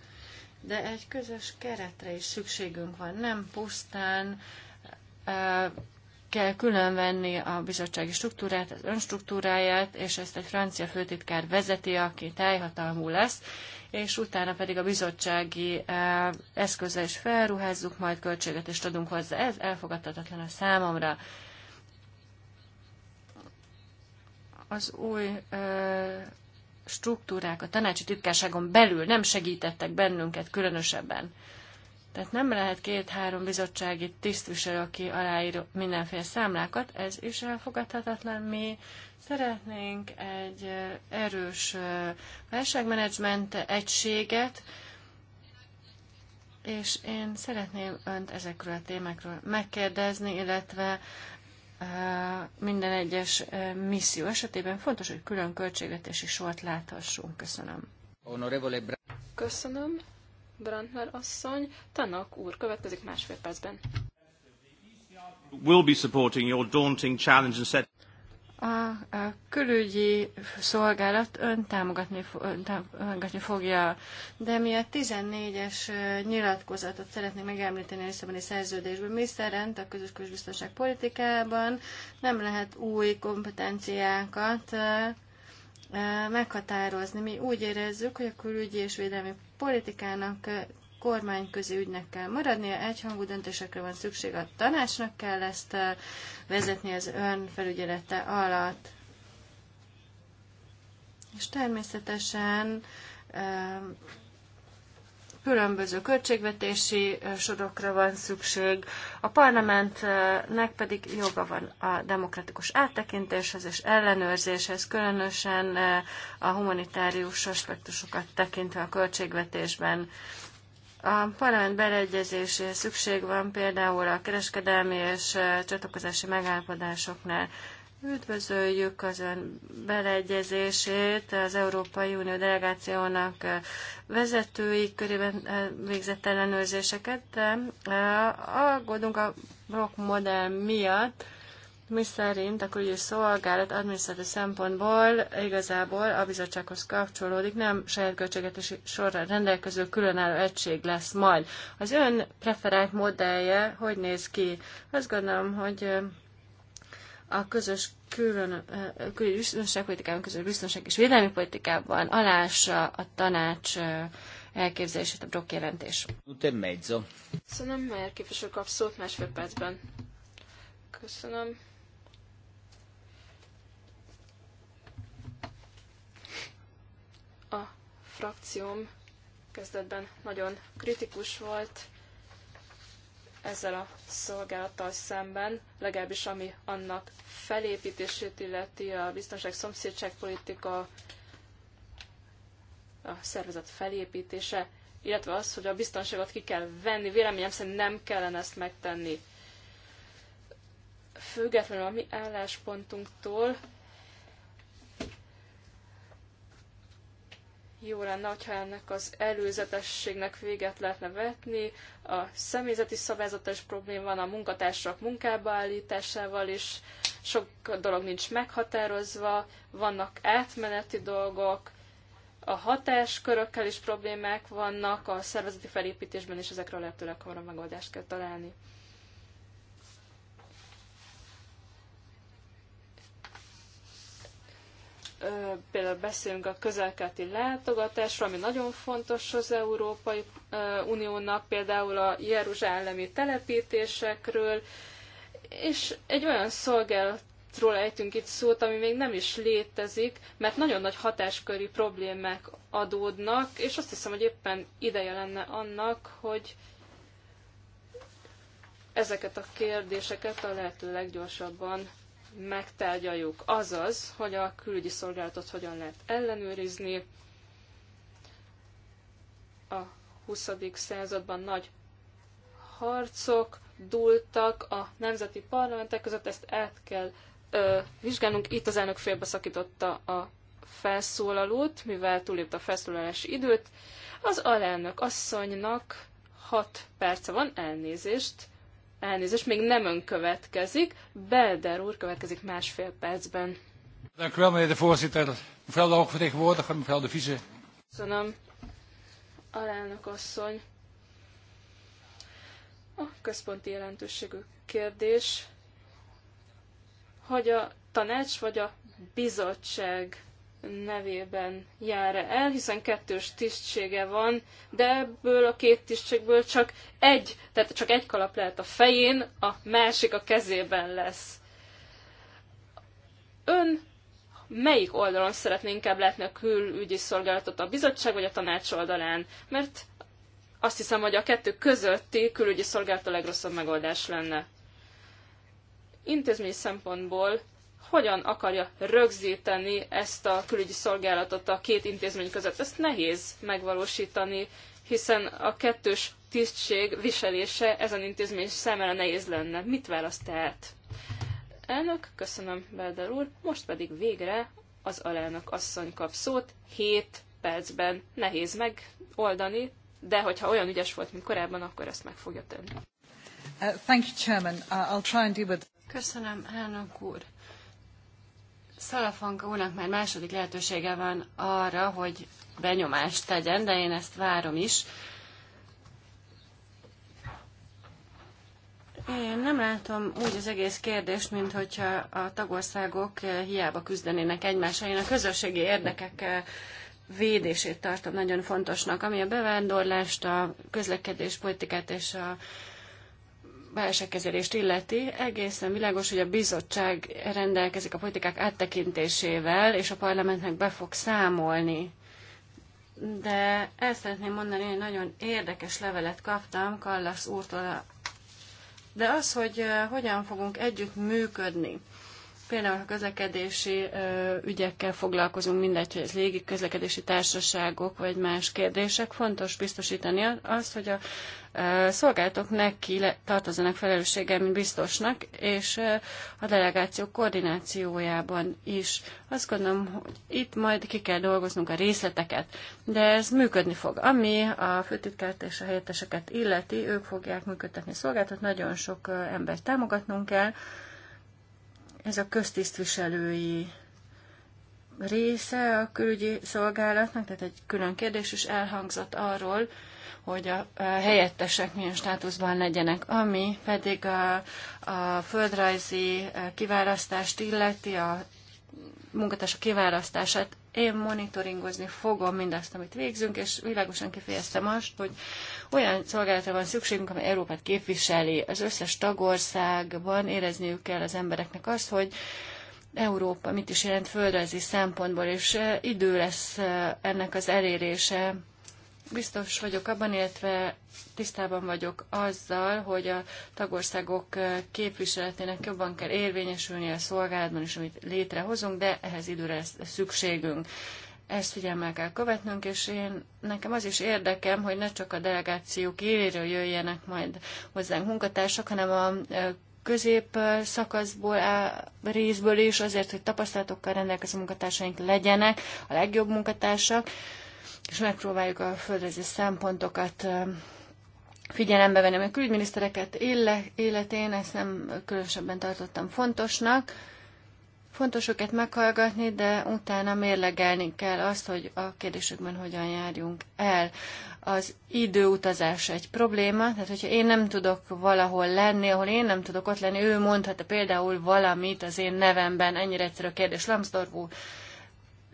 De egy közös keretre is szükségünk van, nem pusztán kell különvenni a bizottsági struktúrát, az önstruktúráját, és ezt egy francia főtitkár vezeti, aki teljhatalmú lesz, és utána pedig a bizottsági eh, eszközzel is felruházzuk, majd költséget is adunk hozzá. Ez elfogadhatatlan a számomra. Az új eh, struktúrák a tanácsi titkárságon belül nem segítettek bennünket különösebben. Tehát nem lehet két-három bizottsági tisztviselő, aki aláír mindenféle számlákat, ez is elfogadhatatlan. Mi szeretnénk egy erős válságmenedzsment egységet, és én szeretném önt ezekről a témákról megkérdezni, illetve minden egyes misszió esetében fontos, hogy külön költségvetési sort láthassunk. Köszönöm. Köszönöm. Brandner asszony. Tanak úr, következik másfél percben. Will be supporting your daunting challenge and set... A, a külügyi szolgálat ön támogatni, ön támogatni fogja, de mi a 14-es nyilatkozatot szeretnék megemlíteni a Lisszaboni szerződésből, mi szerint a közös közbiztonság politikában nem lehet új kompetenciákat meghatározni. Mi úgy érezzük, hogy a külügyi és védelmi politikának kormányközi ügynek kell maradnia, egyhangú döntésekre van szükség, a tanácsnak kell ezt vezetni az ön felügyelete alatt. És természetesen különböző költségvetési sorokra van szükség, a parlamentnek pedig joga van a demokratikus áttekintéshez és ellenőrzéshez, különösen a humanitárius aspektusokat tekintve a költségvetésben. A parlament beleegyezésére szükség van például a kereskedelmi és csatlakozási megállapodásoknál. Üdvözöljük az ön beleegyezését az Európai Unió delegációnak eh, vezetői körében eh, végzett ellenőrzéseket, de eh, aggódunk a blokk modell miatt, mi szerint a külügyi szolgálat adminisztratív szempontból igazából a bizottsághoz kapcsolódik, nem saját és sorra rendelkező különálló egység lesz majd. Az ön preferált modellje hogy néz ki? Azt gondolom, hogy a közös külön, biztonságpolitikában, közös biztonság és védelmi politikában alása a tanács elképzelését a brok jelentés. E mezzo. Köszönöm, mert képviselő kap szót másfél percben. Köszönöm. A frakcióm kezdetben nagyon kritikus volt ezzel a szolgálattal szemben, legalábbis ami annak felépítését illeti a biztonság politika, a szervezet felépítése, illetve az, hogy a biztonságot ki kell venni. Véleményem szerint nem kellene ezt megtenni. Függetlenül a mi álláspontunktól jó lenne, ha ennek az előzetességnek véget lehetne vetni. A személyzeti szabályzatos probléma van a munkatársak munkába állításával is, sok dolog nincs meghatározva, vannak átmeneti dolgok, a hatáskörökkel is problémák vannak, a szervezeti felépítésben is ezekről lehetőleg hamarabb megoldást kell találni. például beszélünk a közelkelti látogatásról, ami nagyon fontos az Európai Uniónak, például a jeruzsálemi telepítésekről, és egy olyan szolgálatról ejtünk itt szót, ami még nem is létezik, mert nagyon nagy hatásköri problémák adódnak, és azt hiszem, hogy éppen ideje lenne annak, hogy ezeket a kérdéseket a lehető leggyorsabban megtárgyaljuk, azaz, hogy a külügyi szolgálatot hogyan lehet ellenőrizni. A 20. században nagy harcok dúltak a nemzeti parlamentek között, ezt át kell ö, vizsgálnunk. Itt az elnök félbeszakította a felszólalót, mivel túlépte a felszólalási időt. Az alelnök asszonynak 6 perce van, elnézést. Elnézést, még nem ön következik. Belder úr következik másfél percben. Dank u wel, meneer de voorzitter. Mevrouw de hoogvertegenwoordiger, mevrouw de vice. Köszönöm, alelnök asszony. A központi jelentőségű kérdés, hogy a tanács vagy a bizottság nevében jár el, hiszen kettős tisztsége van, de ebből a két tisztségből csak egy, tehát csak egy kalap lehet a fején, a másik a kezében lesz. Ön melyik oldalon szeretné inkább látni a külügyi szolgálatot, a bizottság vagy a tanács oldalán? Mert azt hiszem, hogy a kettő közötti külügyi szolgálat a legrosszabb megoldás lenne. Intézmény szempontból hogyan akarja rögzíteni ezt a külügyi szolgálatot a két intézmény között. Ezt nehéz megvalósítani, hiszen a kettős tisztség viselése ezen intézmény számára nehéz lenne. Mit választ tehát? Elnök, köszönöm, Belder úr, most pedig végre az alelnök asszony kap szót, 7 percben nehéz megoldani, de hogyha olyan ügyes volt, mint korábban, akkor ezt meg fogja tenni. Uh, thank you, Chairman. Uh, I'll try and deal with... Köszönöm, elnök úr. Szalafanka úrnak már második lehetősége van arra, hogy benyomást tegyen, de én ezt várom is. Én nem látom úgy az egész kérdést, mint hogyha a tagországok eh, hiába küzdenének egymással. Én a közösségi érdekek eh, védését tartom nagyon fontosnak, ami a bevándorlást, a közlekedés politikát és a válságkezelést illeti, egészen világos, hogy a bizottság rendelkezik a politikák áttekintésével, és a parlamentnek be fog számolni. De el szeretném mondani, hogy nagyon érdekes levelet kaptam Kallas úrtól, de az, hogy eh, hogyan fogunk együtt működni. Például a közlekedési ügyekkel foglalkozunk, mindegy, hogy ez légi közlekedési társaságok vagy más kérdések. Fontos biztosítani azt, hogy a szolgáltok neki tartozanak felelősséggel, mint biztosnak, és a delegáció koordinációjában is. Azt gondolom, hogy itt majd ki kell dolgoznunk a részleteket, de ez működni fog. Ami a főtitkárt és a helyetteseket illeti, ők fogják működtetni a szolgáltat, nagyon sok embert támogatnunk kell, ez a köztisztviselői része a külügyi szolgálatnak, tehát egy külön kérdés is elhangzott arról, hogy a helyettesek milyen státuszban legyenek, ami pedig a, a földrajzi eh, kiválasztást illeti, a munkatársak kiválasztását. Én monitoringozni fogom mindazt, amit végzünk, és világosan kifejeztem azt, hogy olyan szolgálatra van szükségünk, amely Európát képviseli. Az összes tagországban érezniük kell az embereknek azt, hogy Európa mit is jelent földrajzi szempontból, és eh, idő lesz eh, ennek az elérése biztos vagyok abban, illetve tisztában vagyok azzal, hogy a tagországok képviseletének jobban kell érvényesülni a szolgálatban is, amit létrehozunk, de ehhez időre lesz szükségünk. Ezt figyelmel kell követnünk, és én, nekem az is érdekem, hogy ne csak a delegációk éléről jöjjenek majd hozzánk munkatársak, hanem a közép szakaszból, a részből is, azért, hogy tapasztalatokkal rendelkező munkatársaink legyenek, a legjobb munkatársak, és megpróbáljuk a földrajzi szempontokat figyelembe venni. A külügyminisztereket életén ezt nem különösebben tartottam fontosnak. Fontos őket meghallgatni, de utána mérlegelni kell azt, hogy a kérdésükben hogyan járjunk el. Az időutazás egy probléma, tehát hogyha én nem tudok valahol lenni, ahol én nem tudok ott lenni, ő mondhat például valamit az én nevemben. Ennyire egyszerű a kérdés. Lambsdorff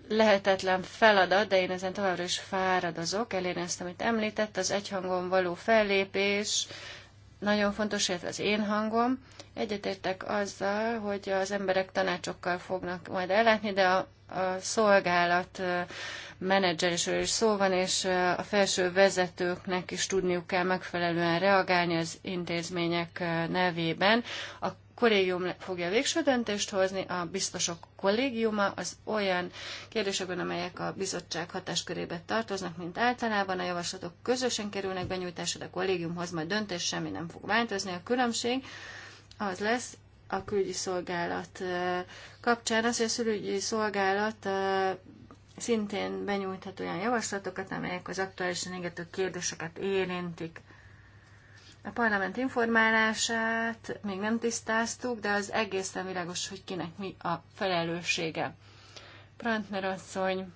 lehetetlen feladat, de én ezen továbbra is fáradozok. Elérni ezt, amit említett, az egyhangon való fellépés, nagyon fontos, hogy az én hangom. Egyetértek azzal, hogy az emberek tanácsokkal fognak majd ellátni, de a, a szolgálat menedzserésről is szó van, és a felső vezetőknek is tudniuk kell megfelelően reagálni az intézmények nevében. A kollégium fogja végső döntést hozni, a biztosok kollégiuma az olyan kérdésekben, amelyek a bizottság hatáskörébe tartoznak, mint általában a javaslatok közösen kerülnek benyújtásra, de a kollégium hoz majd döntés, semmi nem fog változni. A különbség az lesz, a külügyi szolgálat kapcsán az, hogy a szülügyi szolgálat szintén benyújthat olyan javaslatokat, amelyek az aktuálisan égető kérdéseket érintik. A parlament informálását még nem tisztáztuk, de az egészen világos, hogy kinek mi a felelőssége. Prantner asszony,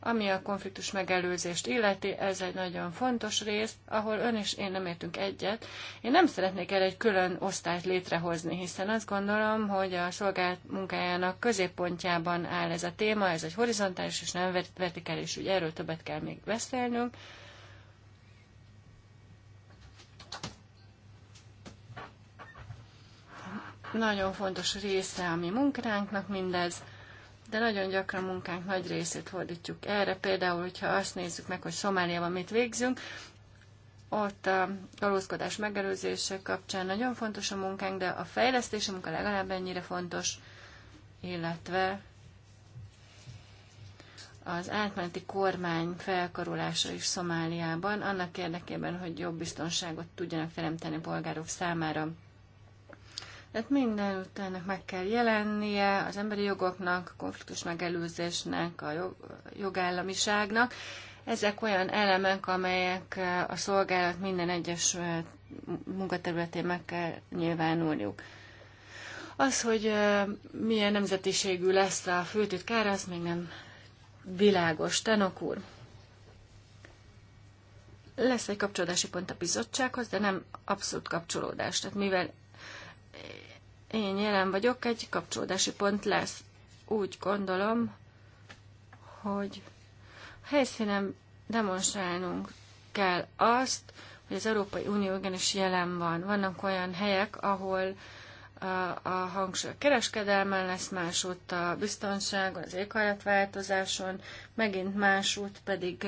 ami a konfliktus megelőzést illeti, ez egy nagyon fontos rész, ahol ön és én nem értünk egyet. Én nem szeretnék erre egy külön osztályt létrehozni, hiszen azt gondolom, hogy a szolgált munkájának középpontjában áll ez a téma, ez egy horizontális és nem vertikális ügy, erről többet kell még beszélnünk. Nagyon fontos része a mi munkánknak mindez, de nagyon gyakran munkánk nagy részét fordítjuk erre. Például, hogyha azt nézzük meg, hogy Szomáliában mit végzünk, ott a kalózkodás megelőzése kapcsán nagyon fontos a munkánk, de a fejlesztési munka legalább ennyire fontos, illetve az átmeneti kormány felkarolása is Szomáliában, annak érdekében, hogy jobb biztonságot tudjanak teremteni a polgárok számára. Tehát minden utának meg kell jelennie az emberi jogoknak, a konfliktus megelőzésnek, a jog, jogállamiságnak. Ezek olyan elemek, amelyek a szolgálat minden egyes munkaterületén meg kell nyilvánulniuk. Az, hogy milyen nemzetiségű lesz a főtitkár, az még nem világos. Tenok úr, lesz egy kapcsolódási pont a bizottsághoz, de nem abszolút kapcsolódás. Tehát mivel én jelen vagyok, egy kapcsolódási pont lesz. Úgy gondolom, hogy a helyszínen demonstrálnunk kell azt, hogy az Európai Unió igenis jelen van. Vannak olyan helyek, ahol a, a hangsúly a kereskedelmen lesz, másút a biztonságon, az éghajlatváltozáson, megint másút pedig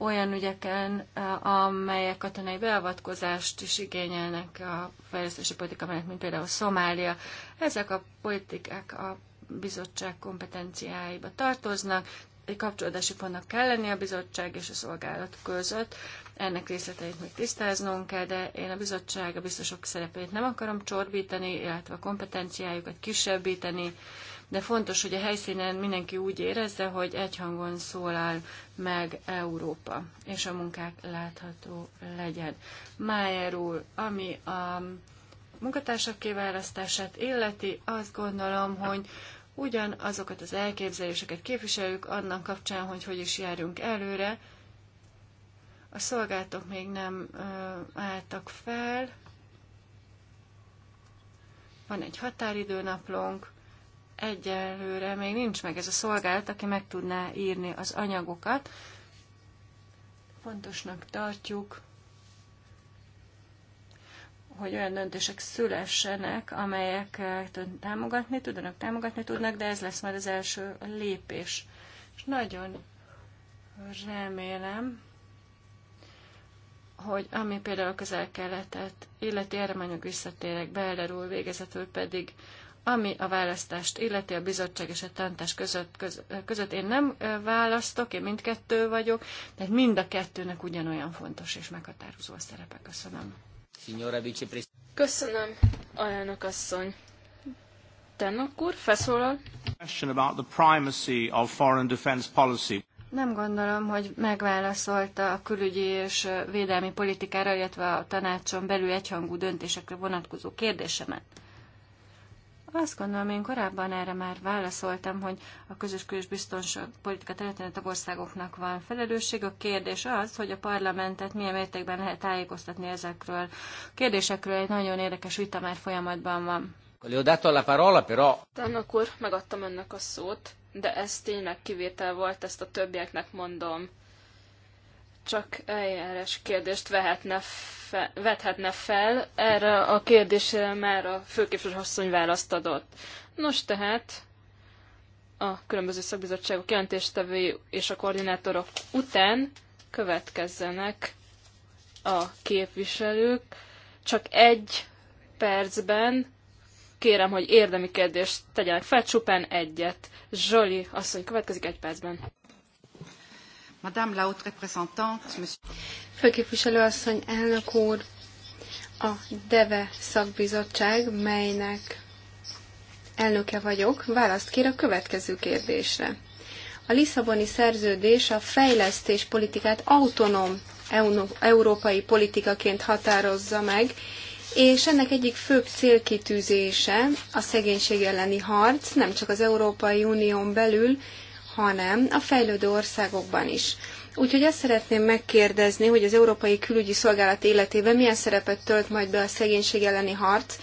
olyan ügyeken, eh, amelyek katonai beavatkozást is igényelnek a fejlesztési politika mellett, mint például Szomália. Ezek a politikák a bizottság kompetenciáiba tartoznak, egy kapcsolódási pontnak kell lenni a bizottság és a szolgálat között. Ennek részleteit még tisztáznunk kell, de én a bizottság a biztosok szerepét nem akarom csorbítani, illetve a kompetenciájukat kisebbíteni, de fontos, hogy a helyszínen mindenki úgy érezze, hogy egyhangon szólal meg Európa, és a munkák látható legyen. Májer úr, ami a munkatársak kiválasztását illeti, azt gondolom, hogy ugyanazokat az elképzeléseket képviseljük annak kapcsán, hogy hogy is járjunk előre. A szolgáltok még nem ö, álltak fel. Van egy határidőnaplónk, egyelőre még nincs meg ez a szolgálat, aki meg tudná írni az anyagokat. Fontosnak tartjuk, hogy olyan döntések szülessenek, amelyek támogatni tudnak, támogatni tudnak, de ez lesz majd az első lépés. És nagyon remélem, hogy ami például a közel-keletet illeti, erre mondjuk visszatérek, Belder végezetül pedig, ami a választást illeti a bizottság és a tantás között, köz, között. Én nem választok, én mindkettő vagyok, tehát mind a kettőnek ugyanolyan fontos és meghatározó a szerepe. Köszönöm. Köszönöm, alelnök asszony. Tennok úr, feszólal. Question about the primacy of foreign defense policy. Nem gondolom, hogy megválaszolta a külügyi és védelmi politikára, illetve a tanácson belül egyhangú döntésekre vonatkozó kérdésemet. Azt gondolom, én korábban erre már válaszoltam, hogy a közös külös politika területén a tagországoknak van felelősség. A kérdés az, hogy a parlamentet milyen mértékben lehet tájékoztatni ezekről. A kérdésekről egy nagyon érdekes vita már folyamatban van. Le ho dato la parola, però... Tannak úr, megadtam önnek a szót de ez tényleg kivétel volt, ezt a többieknek mondom. Csak eljárás kérdést vehetne fe, vethetne fel, erre a kérdésre már a főképviselő asszony választ adott. Nos tehát, a különböző szakbizottságok jelentéstevői és a koordinátorok után következzenek a képviselők, csak egy percben kérem, hogy érdemi kérdést tegyenek fel, csupán egyet. Zsoli asszony következik egy percben. Madame la haute représentante, monsieur... Főképviselő asszony, elnök úr, a DEVE szakbizottság, melynek elnöke vagyok, választ kér a következő kérdésre. A Lisszaboni szerződés a fejlesztés politikát autonóm európai politikaként határozza meg, és ennek egyik főbb célkitűzése a szegénység elleni harc, nem csak az Európai Unión belül, hanem a fejlődő országokban is. Úgyhogy azt szeretném megkérdezni, hogy az Európai Külügyi Szolgálat életében milyen szerepet tölt majd be a szegénység elleni harc,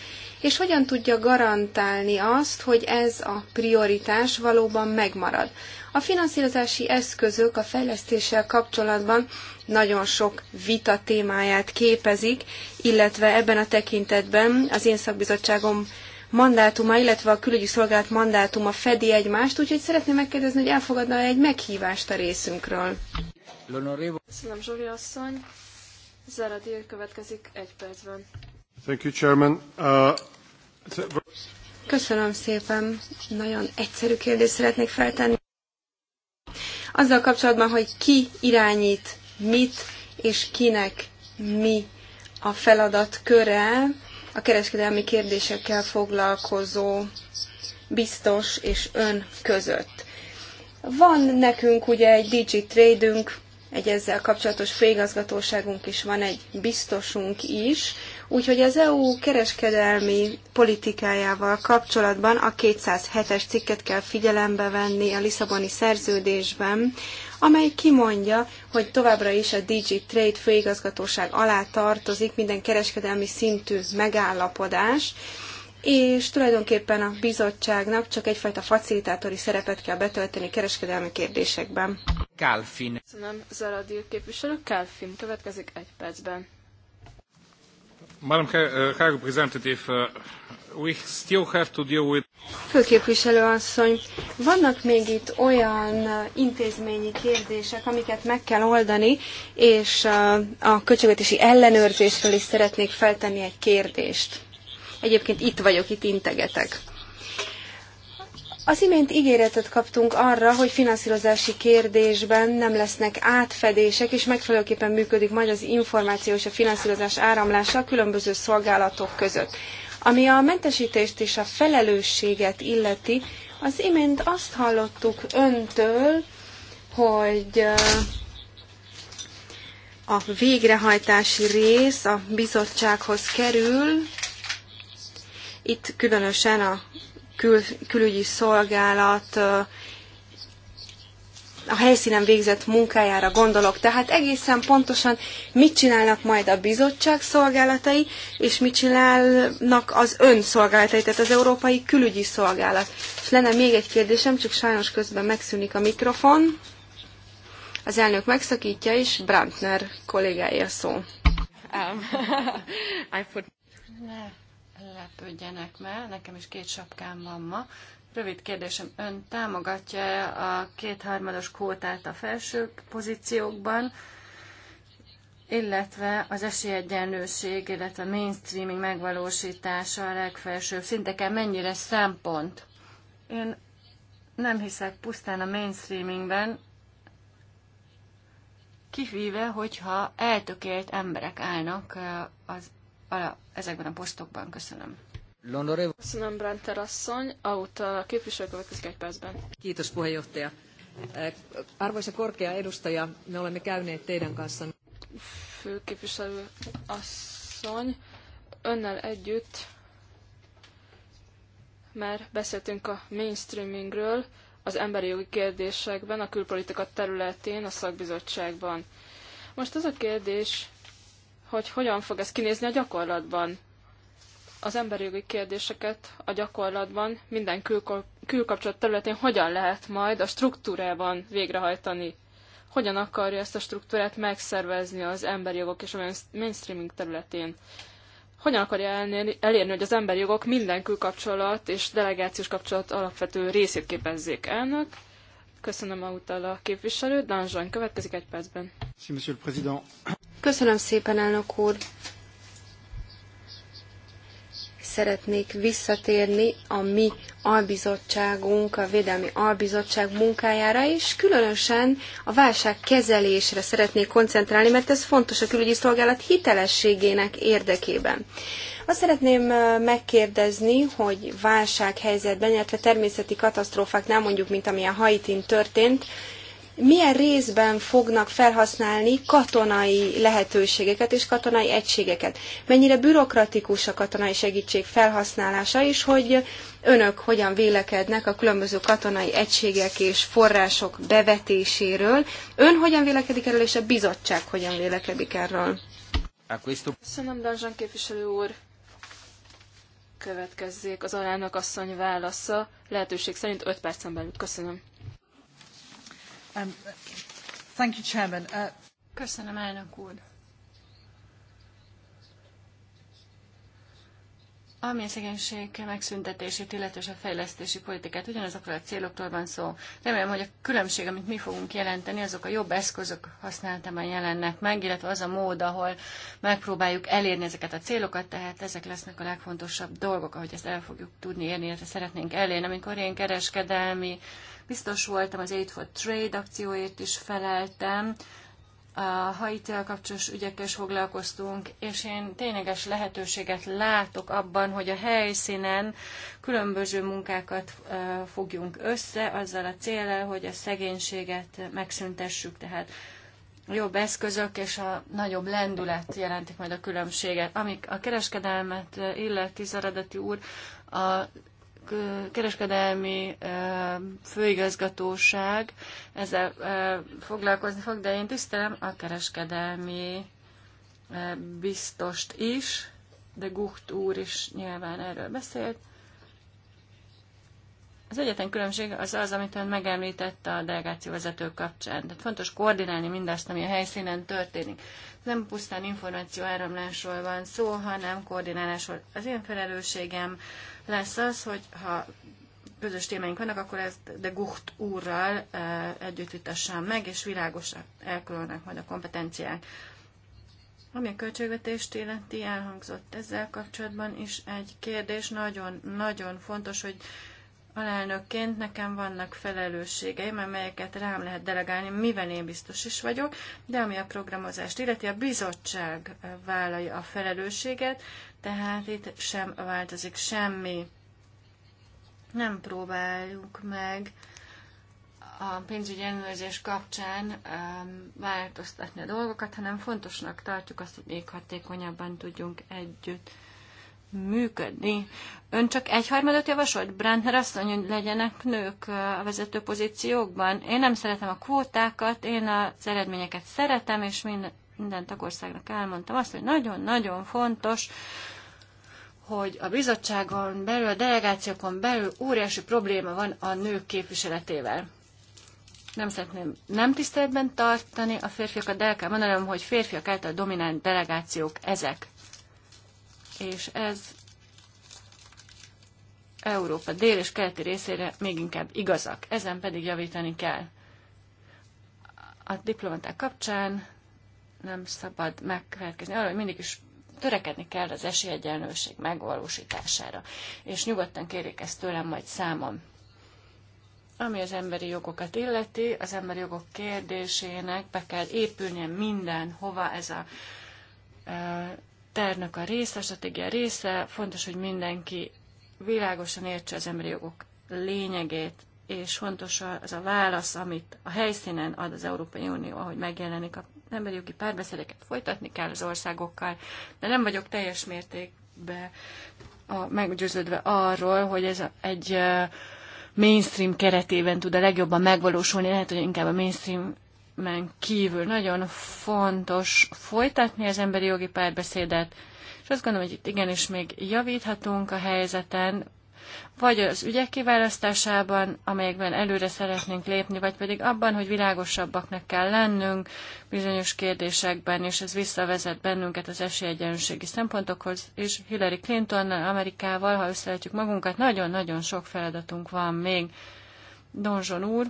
és hogyan tudja garantálni azt, hogy ez a prioritás valóban megmarad. A finanszírozási eszközök a fejlesztéssel kapcsolatban nagyon sok vita témáját képezik, illetve ebben a tekintetben az én szakbizottságom mandátuma, illetve a külügyi szolgálat mandátuma fedi egymást, úgyhogy szeretném megkérdezni, hogy elfogadna -e egy meghívást a részünkről. Köszönöm, Zsori asszony. Zeradír következik egy percben. Thank you, Chairman. Uh, Köszönöm szépen. Nagyon egyszerű kérdést szeretnék feltenni. Azzal kapcsolatban, hogy ki irányít mit és kinek mi a feladat köre a kereskedelmi kérdésekkel foglalkozó biztos és ön között. Van nekünk ugye egy DigiTrade-ünk, egy ezzel kapcsolatos főigazgatóságunk is van, egy biztosunk is, úgyhogy az EU kereskedelmi politikájával kapcsolatban a 207-es cikket kell figyelembe venni a Lisszaboni szerződésben, amely kimondja, hogy továbbra is a DG Trade főigazgatóság alá tartozik minden kereskedelmi szintű megállapodás, és tulajdonképpen a bizottságnak csak egyfajta facilitátori szerepet kell betölteni kereskedelmi kérdésekben. Kálfin. Köszönöm, Zaradil képviselő. Kálfin következik egy percben. Madam uh, High Representative, uh, we still have to deal with... Főképviselő asszony, vannak még itt olyan intézményi kérdések, amiket meg kell oldani, és a költségvetési ellenőrzésről is szeretnék feltenni egy kérdést. Egyébként itt vagyok, itt integetek. Az imént ígéretet kaptunk arra, hogy finanszírozási kérdésben nem lesznek átfedések, és megfelelőképpen működik majd az információ és a finanszírozás áramlása a különböző szolgálatok között. Ami a mentesítést és a felelősséget illeti, az imént azt hallottuk öntől, hogy a végrehajtási rész a bizottsághoz kerül, itt különösen a kül, külügyi szolgálat a helyszínen végzett munkájára gondolok. Tehát egészen pontosan mit csinálnak majd a bizottság szolgálatai, és mit csinálnak az ön szolgálatai, tehát az Európai Külügyi Szolgálat. És lenne még egy kérdésem, csak sajnos közben megszűnik a mikrofon. Az elnök megszakítja, és Brandner kollégája szó. Um, ne lepődjenek meg, nekem is két sapkám van ma. Rövid kérdésem, ön támogatja -e a kétharmados kvótát a felső pozíciókban, illetve az esélyegyenlőség, illetve mainstreaming megvalósítása a legfelsőbb szinteken mennyire szempont? Én nem hiszek pusztán a mainstreamingben, kivéve, hogyha eltökélt emberek állnak az, a, ezekben a posztokban. Köszönöm. Köszönöm, Brenter asszony. a képviselő következik egy percben. Kiitos, puheenjohtaja. Eh, arvoisa korkea edustaja, me olemme käyneet teidän kanssanne. Főképviselő asszony, önnel együtt már beszéltünk a mainstreamingről, az emberi jogi kérdésekben, a külpolitika területén, a szakbizottságban. Most az a kérdés, hogy hogyan fog ez kinézni a gyakorlatban az emberi jogi kérdéseket a gyakorlatban minden külko- külkapcsolat területén hogyan lehet majd a struktúrában végrehajtani? Hogyan akarja ezt a struktúrát megszervezni az emberi jogok és a mainstreaming területén? Hogyan akarja elérni, elérni hogy az emberi jogok minden külkapcsolat és delegációs kapcsolat alapvető részét képezzék elnök? Köszönöm a utal a képviselő. Danzsony következik egy percben. Köszönöm szépen, elnök úr szeretnék visszatérni a mi albizottságunk, a Védelmi Albizottság munkájára, és különösen a válság kezelésre szeretnék koncentrálni, mert ez fontos a külügyi szolgálat hitelességének érdekében. Azt szeretném megkérdezni, hogy válsághelyzetben, illetve természeti katasztrófáknál, mondjuk, mint amilyen Haitin történt, milyen részben fognak felhasználni katonai lehetőségeket és katonai egységeket. Mennyire bürokratikus a katonai segítség felhasználása, és hogy önök hogyan vélekednek a különböző katonai egységek és források bevetéséről. Ön hogyan vélekedik erről, és a bizottság hogyan vélekedik erről? Köszönöm, Danzsan képviselő úr. Következzék az alának asszony válasza. Lehetőség szerint 5 percen belül. Köszönöm. Um, uh, Köszönöm, elnök úr. Ami a szegénység megszüntetését, illetve a fejlesztési politikát, ugyanazokról a célokról van szó. Remélem, hogy a különbség, amit mi fogunk jelenteni, azok a jobb eszközök használatában jelennek meg, illetve az a mód, ahol megpróbáljuk elérni ezeket a célokat, tehát ezek lesznek a legfontosabb dolgok, ahogy ezt el fogjuk tudni érni, illetve szeretnénk elérni. Amikor én kereskedelmi biztos voltam, az Aid for Trade akcióért is feleltem, a haittel kapcsolatos ügyekkel is foglalkoztunk, és én tényleges lehetőséget látok abban, hogy a helyszínen különböző munkákat fogjunk össze, azzal a célral, hogy a szegénységet megszüntessük, tehát jobb eszközök és a nagyobb lendület jelentik majd a különbséget. Amik a kereskedelmet illeti, az úr, a kereskedelmi főigazgatóság ezzel foglalkozni fog, de én tisztelem a kereskedelmi biztost is, de Gucht úr is nyilván erről beszélt. Az egyetlen különbség az az, amit ön megemlített a delegáció vezető kapcsán. Tehát fontos koordinálni mindazt, ami a helyszínen történik. Nem pusztán információ áramlásról van szó, hanem koordinálásról. Az én felelősségem lesz az, hogy ha közös témáink vannak, akkor ezt de Gucht úrral eh, együtt vitassam meg, és világosan elkülönnek majd a kompetenciák. Ami a költségvetést illeti, elhangzott ezzel kapcsolatban is egy kérdés. Nagyon-nagyon fontos, hogy alelnökként nekem vannak felelősségeim, amelyeket rám lehet delegálni, mivel én biztos is vagyok, de ami a programozást illeti, a bizottság eh, vállalja a felelősséget, tehát itt sem változik semmi. Nem próbáljuk meg a pénzügyi ellenőrzés kapcsán um, változtatni a dolgokat, hanem fontosnak tartjuk azt, hogy még hatékonyabban tudjunk együtt működni. Ön csak egyharmadot javasolt, Brandner asszony, hogy legyenek nők uh, a vezető pozíciókban. Én nem szeretem a kvótákat, én az eredményeket szeretem, és minden, minden tagországnak elmondtam azt, hogy nagyon-nagyon fontos, hogy a bizottságon belül, a delegációkon belül óriási probléma van a nők képviseletével. Nem szeretném nem tiszteletben tartani a férfiakat, de el kell mondanom, hogy férfiak által dominált delegációk ezek. És ez Európa dél és keleti részére még inkább igazak. Ezen pedig javítani kell. A diplomaták kapcsán nem szabad megkövetkezni arra, hogy mindig is törekedni kell az esélyegyenlőség megvalósítására. És nyugodtan kérjék ezt tőlem majd számon. Ami az emberi jogokat illeti, az emberi jogok kérdésének be kell épülnie mindenhova ez a tervnek a része, a stratégia része. Fontos, hogy mindenki világosan értse az emberi jogok lényegét, és fontos az a válasz, amit a helyszínen ad az Európai Unió, ahogy megjelenik a emberi jogi párbeszédeket folytatni kell az országokkal, de nem vagyok teljes mértékben a, meggyőződve arról, hogy ez egy mainstream keretében tud a legjobban megvalósulni, lehet, hogy inkább a mainstream men kívül nagyon fontos folytatni az emberi jogi párbeszédet, és azt gondolom, hogy itt igenis még javíthatunk a helyzeten, vagy az ügyek kiválasztásában, amelyekben előre szeretnénk lépni, vagy pedig abban, hogy világosabbaknak kell lennünk bizonyos kérdésekben, és ez visszavezet bennünket az esélyegyenlőségi szempontokhoz, és Hillary Clintonnal, Amerikával, ha összehetjük magunkat, nagyon-nagyon sok feladatunk van még. Donzson úr,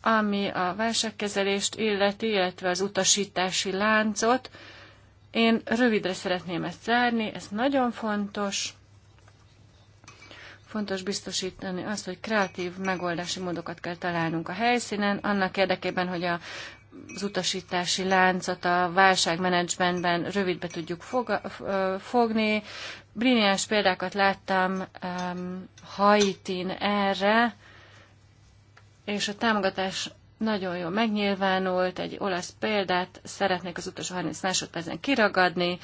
ami a válságkezelést illeti, illetve az utasítási láncot. Én rövidre szeretném ezt zárni, ez nagyon fontos. Fontos biztosítani azt, hogy kreatív megoldási módokat kell találnunk a helyszínen, annak érdekében, hogy a az utasítási láncot a válságmenedzsmentben rövidbe tudjuk foga, fogni. Brilliáns példákat láttam um, Haitin erre, és a támogatás nagyon jól megnyilvánult. Egy olasz példát szeretnék az utolsó 30 másodpercen kiragadni. Uh,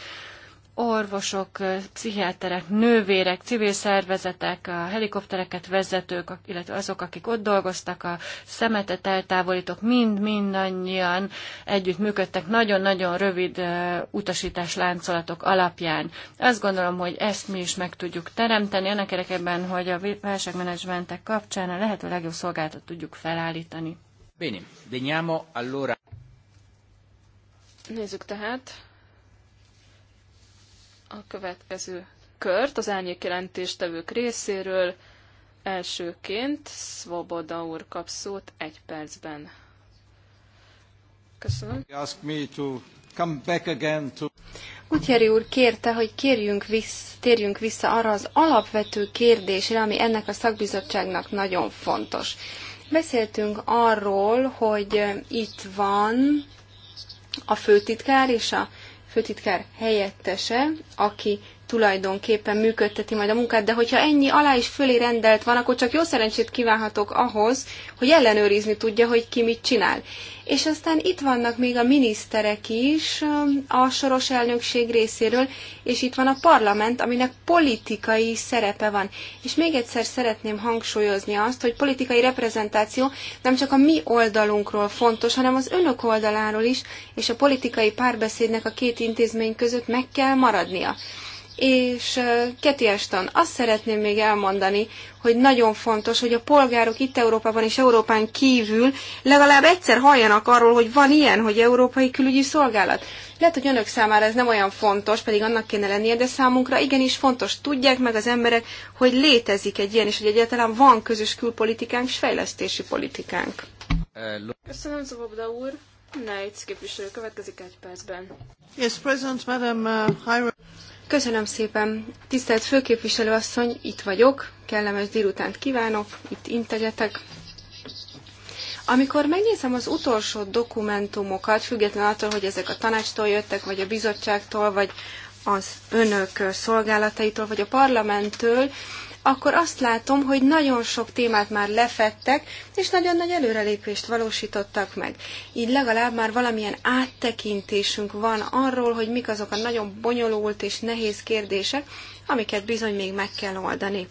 orvosok, pszichiáterek, nővérek, civil szervezetek, a helikoptereket vezetők, illetve azok, akik ott dolgoztak, a szemetet eltávolítók, mind mindannyian együtt működtek nagyon-nagyon rövid utasítás láncolatok alapján. Azt gondolom, hogy ezt mi is meg tudjuk teremteni, annak érdekében, hogy a válságmenedzsmentek kapcsán a lehető legjobb szolgáltat tudjuk felállítani. Bene, veniamo allora. Nézzük tehát a következő kört az árnyék jelentéstevők részéről. Elsőként Svoboda úr kap szót egy percben. Köszönöm. Gutyeri úr kérte, hogy kérjünk vissz, térjünk vissza arra az alapvető kérdésre, ami ennek a szakbizottságnak nagyon fontos. Beszéltünk arról, hogy itt van a főtitkár és a főtitkár helyettese, aki tulajdonképpen működteti majd a munkát, de hogyha ennyi alá is fölé rendelt van, akkor csak jó szerencsét kívánhatok ahhoz, hogy ellenőrizni tudja, hogy ki mit csinál. És aztán itt vannak még a miniszterek is a soros elnökség részéről, és itt van a parlament, aminek politikai szerepe van. És még egyszer szeretném hangsúlyozni azt, hogy politikai reprezentáció nem csak a mi oldalunkról fontos, hanem az önök oldaláról is, és a politikai párbeszédnek a két intézmény között meg kell maradnia. És Keti Eston, azt szeretném még elmondani, hogy nagyon fontos, hogy a polgárok itt Európában és Európán kívül legalább egyszer halljanak arról, hogy van ilyen, hogy Európai Külügyi Szolgálat. Lehet, hogy önök számára ez nem olyan fontos, pedig annak kéne lennie, de számunkra igenis fontos. Tudják meg az emberek, hogy létezik egy ilyen, és hogy egyáltalán van közös külpolitikánk és fejlesztési politikánk. Köszönöm, Zabobda úr. Nejc képviselő következik egy percben. Yes, President, Madam uh, High Köszönöm szépen. Tisztelt főképviselő asszony, itt vagyok. Kellemes délutánt kívánok, itt integetek. Amikor megnézem az utolsó dokumentumokat, független attól, hogy ezek a tanácstól jöttek, vagy a bizottságtól, vagy az önök szolgálataitól, vagy a parlamenttől, akkor azt látom, hogy nagyon sok témát már lefettek, és nagyon nagy előrelépést valósítottak meg. Így legalább már valamilyen áttekintésünk van arról, hogy mik azok a nagyon bonyolult és nehéz kérdések, amiket bizony még meg kell oldani.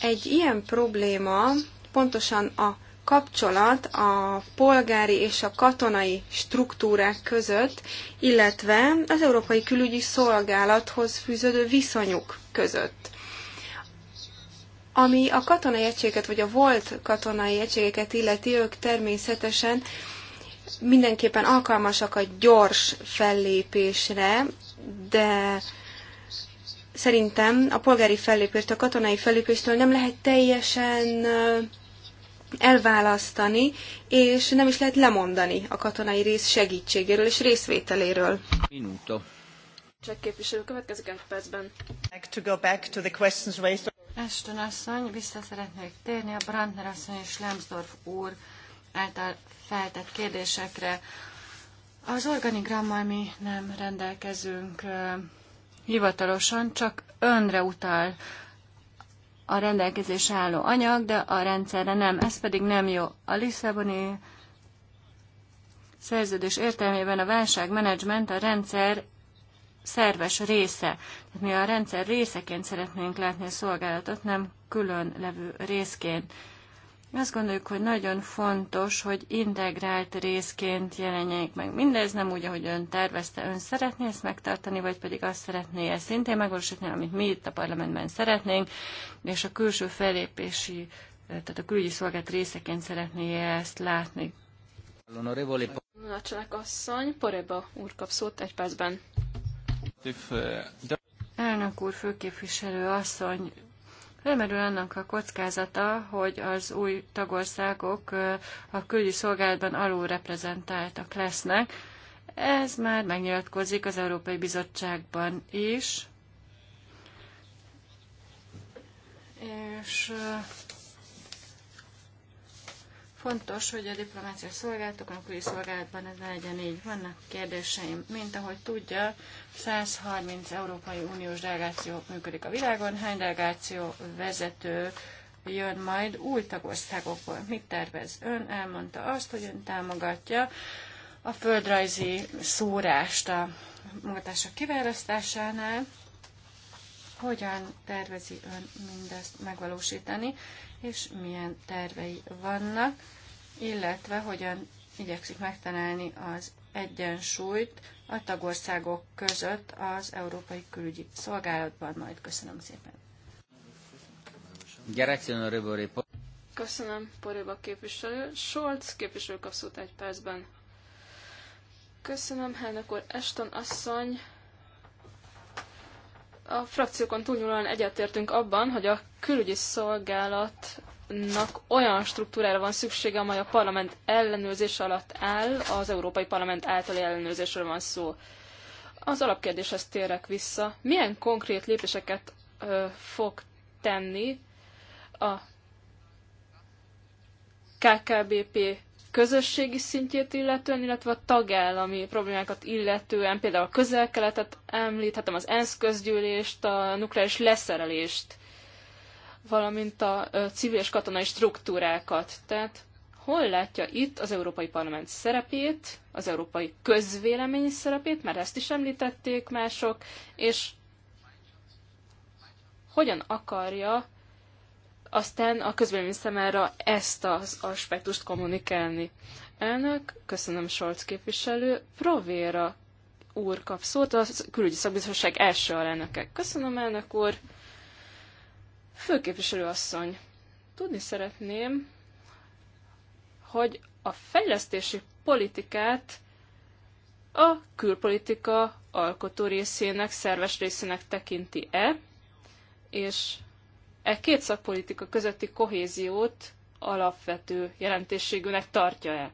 Egy ilyen probléma pontosan a kapcsolat a polgári és a katonai struktúrák között, illetve az Európai Külügyi Szolgálathoz fűződő viszonyuk között. Ami a katonai egységet, vagy a volt katonai egységeket illeti, ők természetesen mindenképpen alkalmasak a gyors fellépésre, de szerintem a polgári fellépést a katonai fellépéstől nem lehet teljesen elválasztani, és nem is lehet lemondani a katonai rész segítségéről és részvételéről. Minuto. Csak képviselő következik egy percben. Ashton asszony, vissza szeretnék térni a Brandner asszony és Lemsdorf úr által feltett kérdésekre. Az organigrammal mi nem rendelkezünk hivatalosan, csak önre utal a rendelkezés álló anyag, de a rendszerre nem. Ez pedig nem jó. A Lisszaboni szerződés értelmében a válságmenedzsment a rendszer szerves része. Tehát mi a rendszer részeként szeretnénk látni a szolgálatot, nem külön levő részként. Mi azt gondoljuk, hogy nagyon fontos, hogy integrált részként jelenjék meg mindez, nem úgy, ahogy ön tervezte, ön szeretné ezt megtartani, vagy pedig azt szeretné ezt szintén megvalósítani, amit mi itt a parlamentben szeretnénk, és a külső felépési, tehát a külügyi szolgált részeként szeretné ezt látni. Lunacsalák asszony, Poreba úr kap szót egy percben. Uh, Elnök úr, főképviselő asszony, felmerül annak a kockázata, hogy az új tagországok uh, a külügyi szolgálatban alulreprezentáltak lesznek. Ez már megnyilatkozik az Európai Bizottságban is. És uh, Fontos, hogy a diplomáciai szolgálatokon, a szolgálatban ez legyen így. Vannak kérdéseim. Mint ahogy tudja, 130 Európai Uniós delegáció működik a világon. Hány delegáció vezető jön majd új tagországokból? Mit tervez? Ön elmondta azt, hogy ön támogatja a földrajzi szórást a munkatársak kiválasztásánál. Hogyan tervezi ön mindezt megvalósítani, és milyen tervei vannak, illetve hogyan igyekszik megtalálni az egyensúlyt a tagországok között az Európai Külügyi Szolgálatban. Majd köszönöm szépen. Köszönöm, Poréba képviselő. Scholz képviselő kapszót egy percben. Köszönöm, elnök úr. Eston asszony, a frakciókon túlnyúlóan egyetértünk abban, hogy a külügyi szolgálatnak olyan struktúrára van szüksége, amely a parlament ellenőrzés alatt áll, az Európai Parlament általi ellenőrzésről van szó. Az alapkérdéshez térek vissza. Milyen konkrét lépéseket ö, fog tenni a KKBP közösségi szintjét illetően, illetve a tagállami problémákat illetően, például a közel-keletet említhetem, az ENSZ közgyűlést, a nukleáris leszerelést, valamint a civil és katonai struktúrákat. Tehát hol látja itt az Európai Parlament szerepét, az európai közvélemény szerepét, mert ezt is említették mások, és hogyan akarja aztán a közvélemény számára ezt az aspektust kommunikálni. Elnök, köszönöm Solc képviselő, Provéra úr kap szót, a külügyi szakbizottság első alelnöke. Köszönöm, elnök úr. Főképviselő asszony, tudni szeretném, hogy a fejlesztési politikát a külpolitika alkotó részének, szerves részének tekinti-e, és e két szakpolitika közötti kohéziót alapvető jelentőségűnek tartja-e.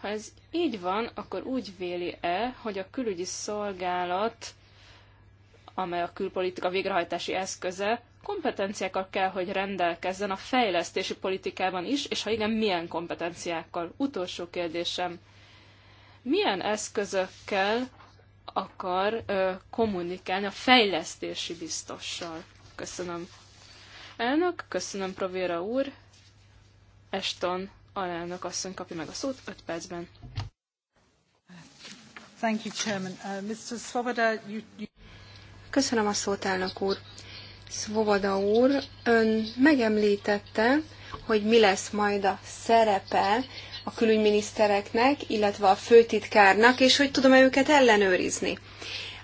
Ha ez így van, akkor úgy véli-e, hogy a külügyi szolgálat, amely a külpolitika végrehajtási eszköze, kompetenciákkal kell, hogy rendelkezzen a fejlesztési politikában is, és ha igen, milyen kompetenciákkal? Utolsó kérdésem. Milyen eszközökkel akar ö, kommunikálni a fejlesztési biztossal? Köszönöm. Elnök, köszönöm Provéra úr. Eston alelnök asszony kapja meg a szót 5 percben. Thank you, Chairman. Uh, Mr. Svoboda, you, you... Köszönöm a szót, elnök úr. Svoboda úr, ön megemlítette, hogy mi lesz majd a szerepe a külügyminisztereknek, illetve a főtitkárnak, és hogy tudom-e őket ellenőrizni.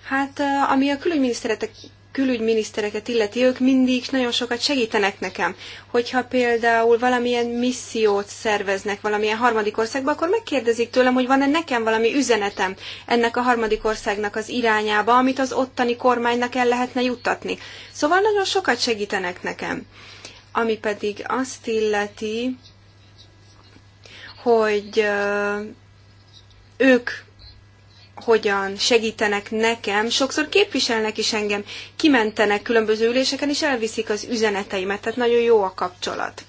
Hát, uh, ami a külügyminiszterek külügyminisztereket illeti, ők mindig nagyon sokat segítenek nekem. Hogyha például valamilyen missziót szerveznek valamilyen harmadik országba, akkor megkérdezik tőlem, hogy van-e nekem valami üzenetem ennek a harmadik országnak az irányába, amit az ottani kormánynak el lehetne juttatni. Szóval nagyon sokat segítenek nekem. Ami pedig azt illeti, hogy ők hogyan segítenek nekem, sokszor képviselnek is engem, kimentenek különböző üléseken, és elviszik az üzeneteimet, tehát nagyon jó a kapcsolat.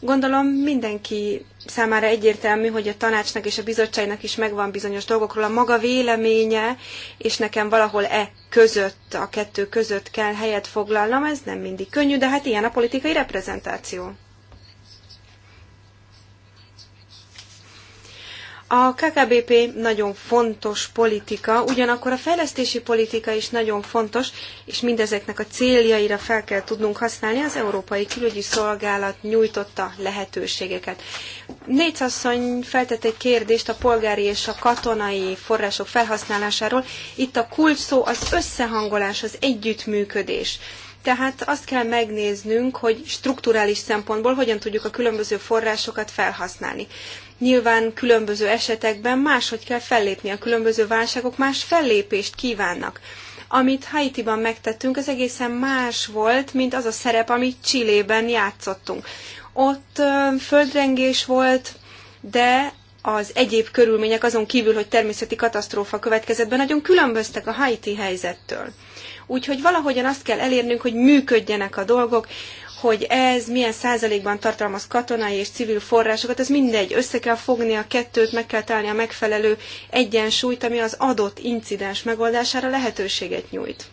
Gondolom mindenki számára egyértelmű, hogy a tanácsnak és a bizottságnak is megvan bizonyos dolgokról a maga véleménye, és nekem valahol e között, a kettő között kell helyet foglalnom, ez nem mindig könnyű, de hát ilyen a politikai reprezentáció. A KKBP nagyon fontos politika, ugyanakkor a fejlesztési politika is nagyon fontos, és mindezeknek a céljaira fel kell tudnunk használni az Európai Külügyi Szolgálat nyújtotta lehetőségeket. Négy asszony feltett egy kérdést a polgári és a katonai források felhasználásáról. Itt a kulcs szó az összehangolás, az együttműködés. Tehát azt kell megnéznünk, hogy strukturális szempontból hogyan tudjuk a különböző forrásokat felhasználni. Nyilván különböző esetekben máshogy kell fellépni, a különböző válságok más fellépést kívánnak. Amit Haitiban megtettünk, az egészen más volt, mint az a szerep, amit Csillében játszottunk. Ott földrengés volt, de az egyéb körülmények azon kívül, hogy természeti katasztrófa következett be, nagyon különböztek a Haiti helyzettől. Úgyhogy valahogyan azt kell elérnünk, hogy működjenek a dolgok, hogy ez milyen százalékban tartalmaz katonai és civil forrásokat, ez mindegy, össze kell fogni a kettőt, meg kell találni a megfelelő egyensúlyt, ami az adott incidens megoldására lehetőséget nyújt.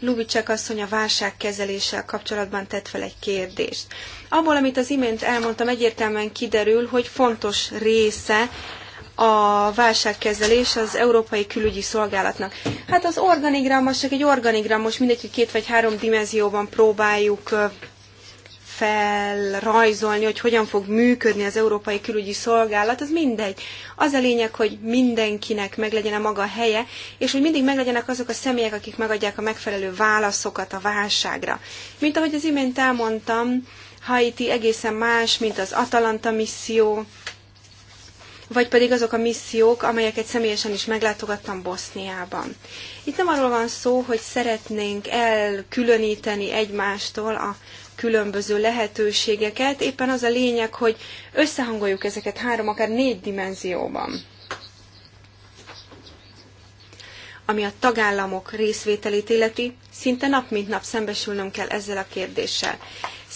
Lubicsek asszony a válságkezeléssel kapcsolatban tett fel egy kérdést. Abból, amit az imént elmondtam, egyértelműen kiderül, hogy fontos része a válságkezelés az Európai Külügyi Szolgálatnak. Hát az organigram, az csak egy organigram, most mindegy, hogy két vagy három dimenzióban próbáljuk felrajzolni, hogy hogyan fog működni az Európai Külügyi Szolgálat, az mindegy. Az a lényeg, hogy mindenkinek meglegyen a maga helye, és hogy mindig meglegyenek azok a személyek, akik megadják a megfelelő válaszokat a válságra. Mint ahogy az imént elmondtam, Haiti egészen más, mint az Atalanta misszió, vagy pedig azok a missziók, amelyeket személyesen is meglátogattam Boszniában. Itt nem arról van szó, hogy szeretnénk elkülöníteni egymástól a különböző lehetőségeket, éppen az a lényeg, hogy összehangoljuk ezeket három, akár négy dimenzióban. Ami a tagállamok részvételét illeti, szinte nap mint nap szembesülnöm kell ezzel a kérdéssel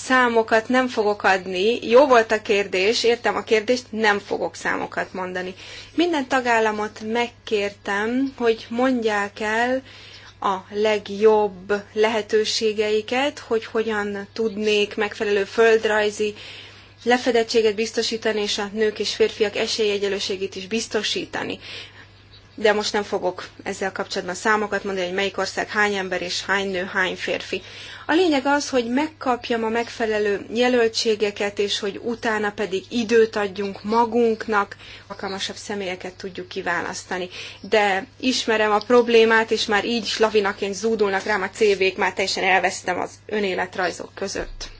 számokat nem fogok adni. Jó volt a kérdés, értem a kérdést, nem fogok számokat mondani. Minden tagállamot megkértem, hogy mondják el a legjobb lehetőségeiket, hogy hogyan tudnék megfelelő földrajzi lefedettséget biztosítani, és a nők és férfiak esélyegyelőségét is biztosítani de most nem fogok ezzel kapcsolatban számokat mondani, hogy melyik ország hány ember és hány nő, hány férfi. A lényeg az, hogy megkapjam a megfelelő jelöltségeket, és hogy utána pedig időt adjunk magunknak, alkalmasabb személyeket tudjuk kiválasztani. De ismerem a problémát, és már így is lavinaként zúdulnak rám a CV-k, már teljesen elvesztem az önéletrajzok között.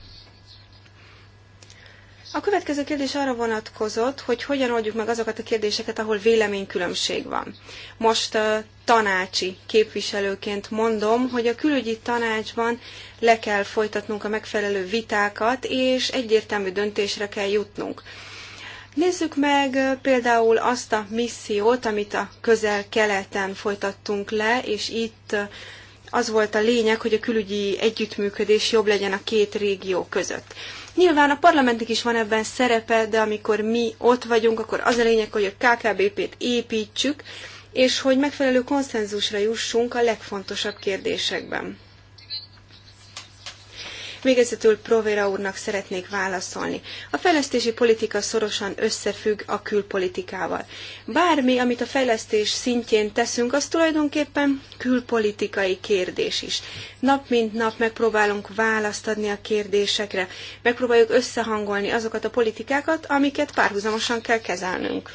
A következő kérdés arra vonatkozott, hogy hogyan oldjuk meg azokat a kérdéseket, ahol véleménykülönbség van. Most tanácsi képviselőként mondom, hogy a külügyi tanácsban le kell folytatnunk a megfelelő vitákat, és egyértelmű döntésre kell jutnunk. Nézzük meg például azt a missziót, amit a közel-keleten folytattunk le, és itt az volt a lényeg, hogy a külügyi együttműködés jobb legyen a két régió között. Nyilván a parlamentnek is van ebben szerepe, de amikor mi ott vagyunk, akkor az a lényeg, hogy a KKBP-t építsük, és hogy megfelelő konszenzusra jussunk a legfontosabb kérdésekben. Végezetül Provera úrnak szeretnék válaszolni. A fejlesztési politika szorosan összefügg a külpolitikával. Bármi, amit a fejlesztés szintjén teszünk, az tulajdonképpen külpolitikai kérdés is. Nap mint nap megpróbálunk választ adni a kérdésekre, megpróbáljuk összehangolni azokat a politikákat, amiket párhuzamosan kell kezelnünk.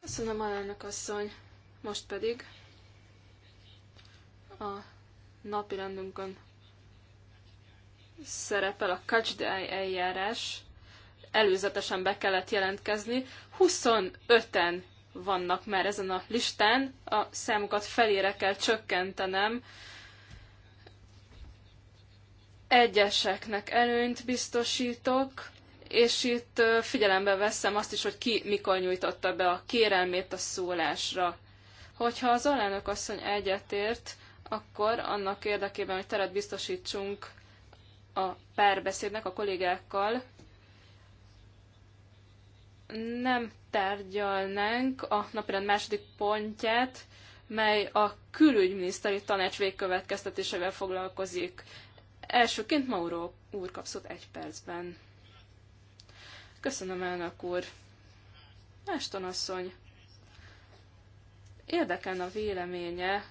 Köszönöm, alelnök asszony. Most pedig a napi rendünkön szerepel a catch eljárás, előzetesen be kellett jelentkezni. 25-en vannak már ezen a listán, a számukat felére kell csökkentenem. Egyeseknek előnyt biztosítok, és itt figyelembe veszem azt is, hogy ki mikor nyújtotta be a kérelmét a szólásra. Hogyha az alelnök asszony egyetért, akkor annak érdekében, hogy teret biztosítsunk a párbeszédnek a kollégákkal nem tárgyalnánk a napirend második pontját, mely a külügyminiszteri tanács végkövetkeztetésével foglalkozik. Elsőként Mauro úr kapszott egy percben. Köszönöm, elnök úr. Eston asszony, érdekelne a véleménye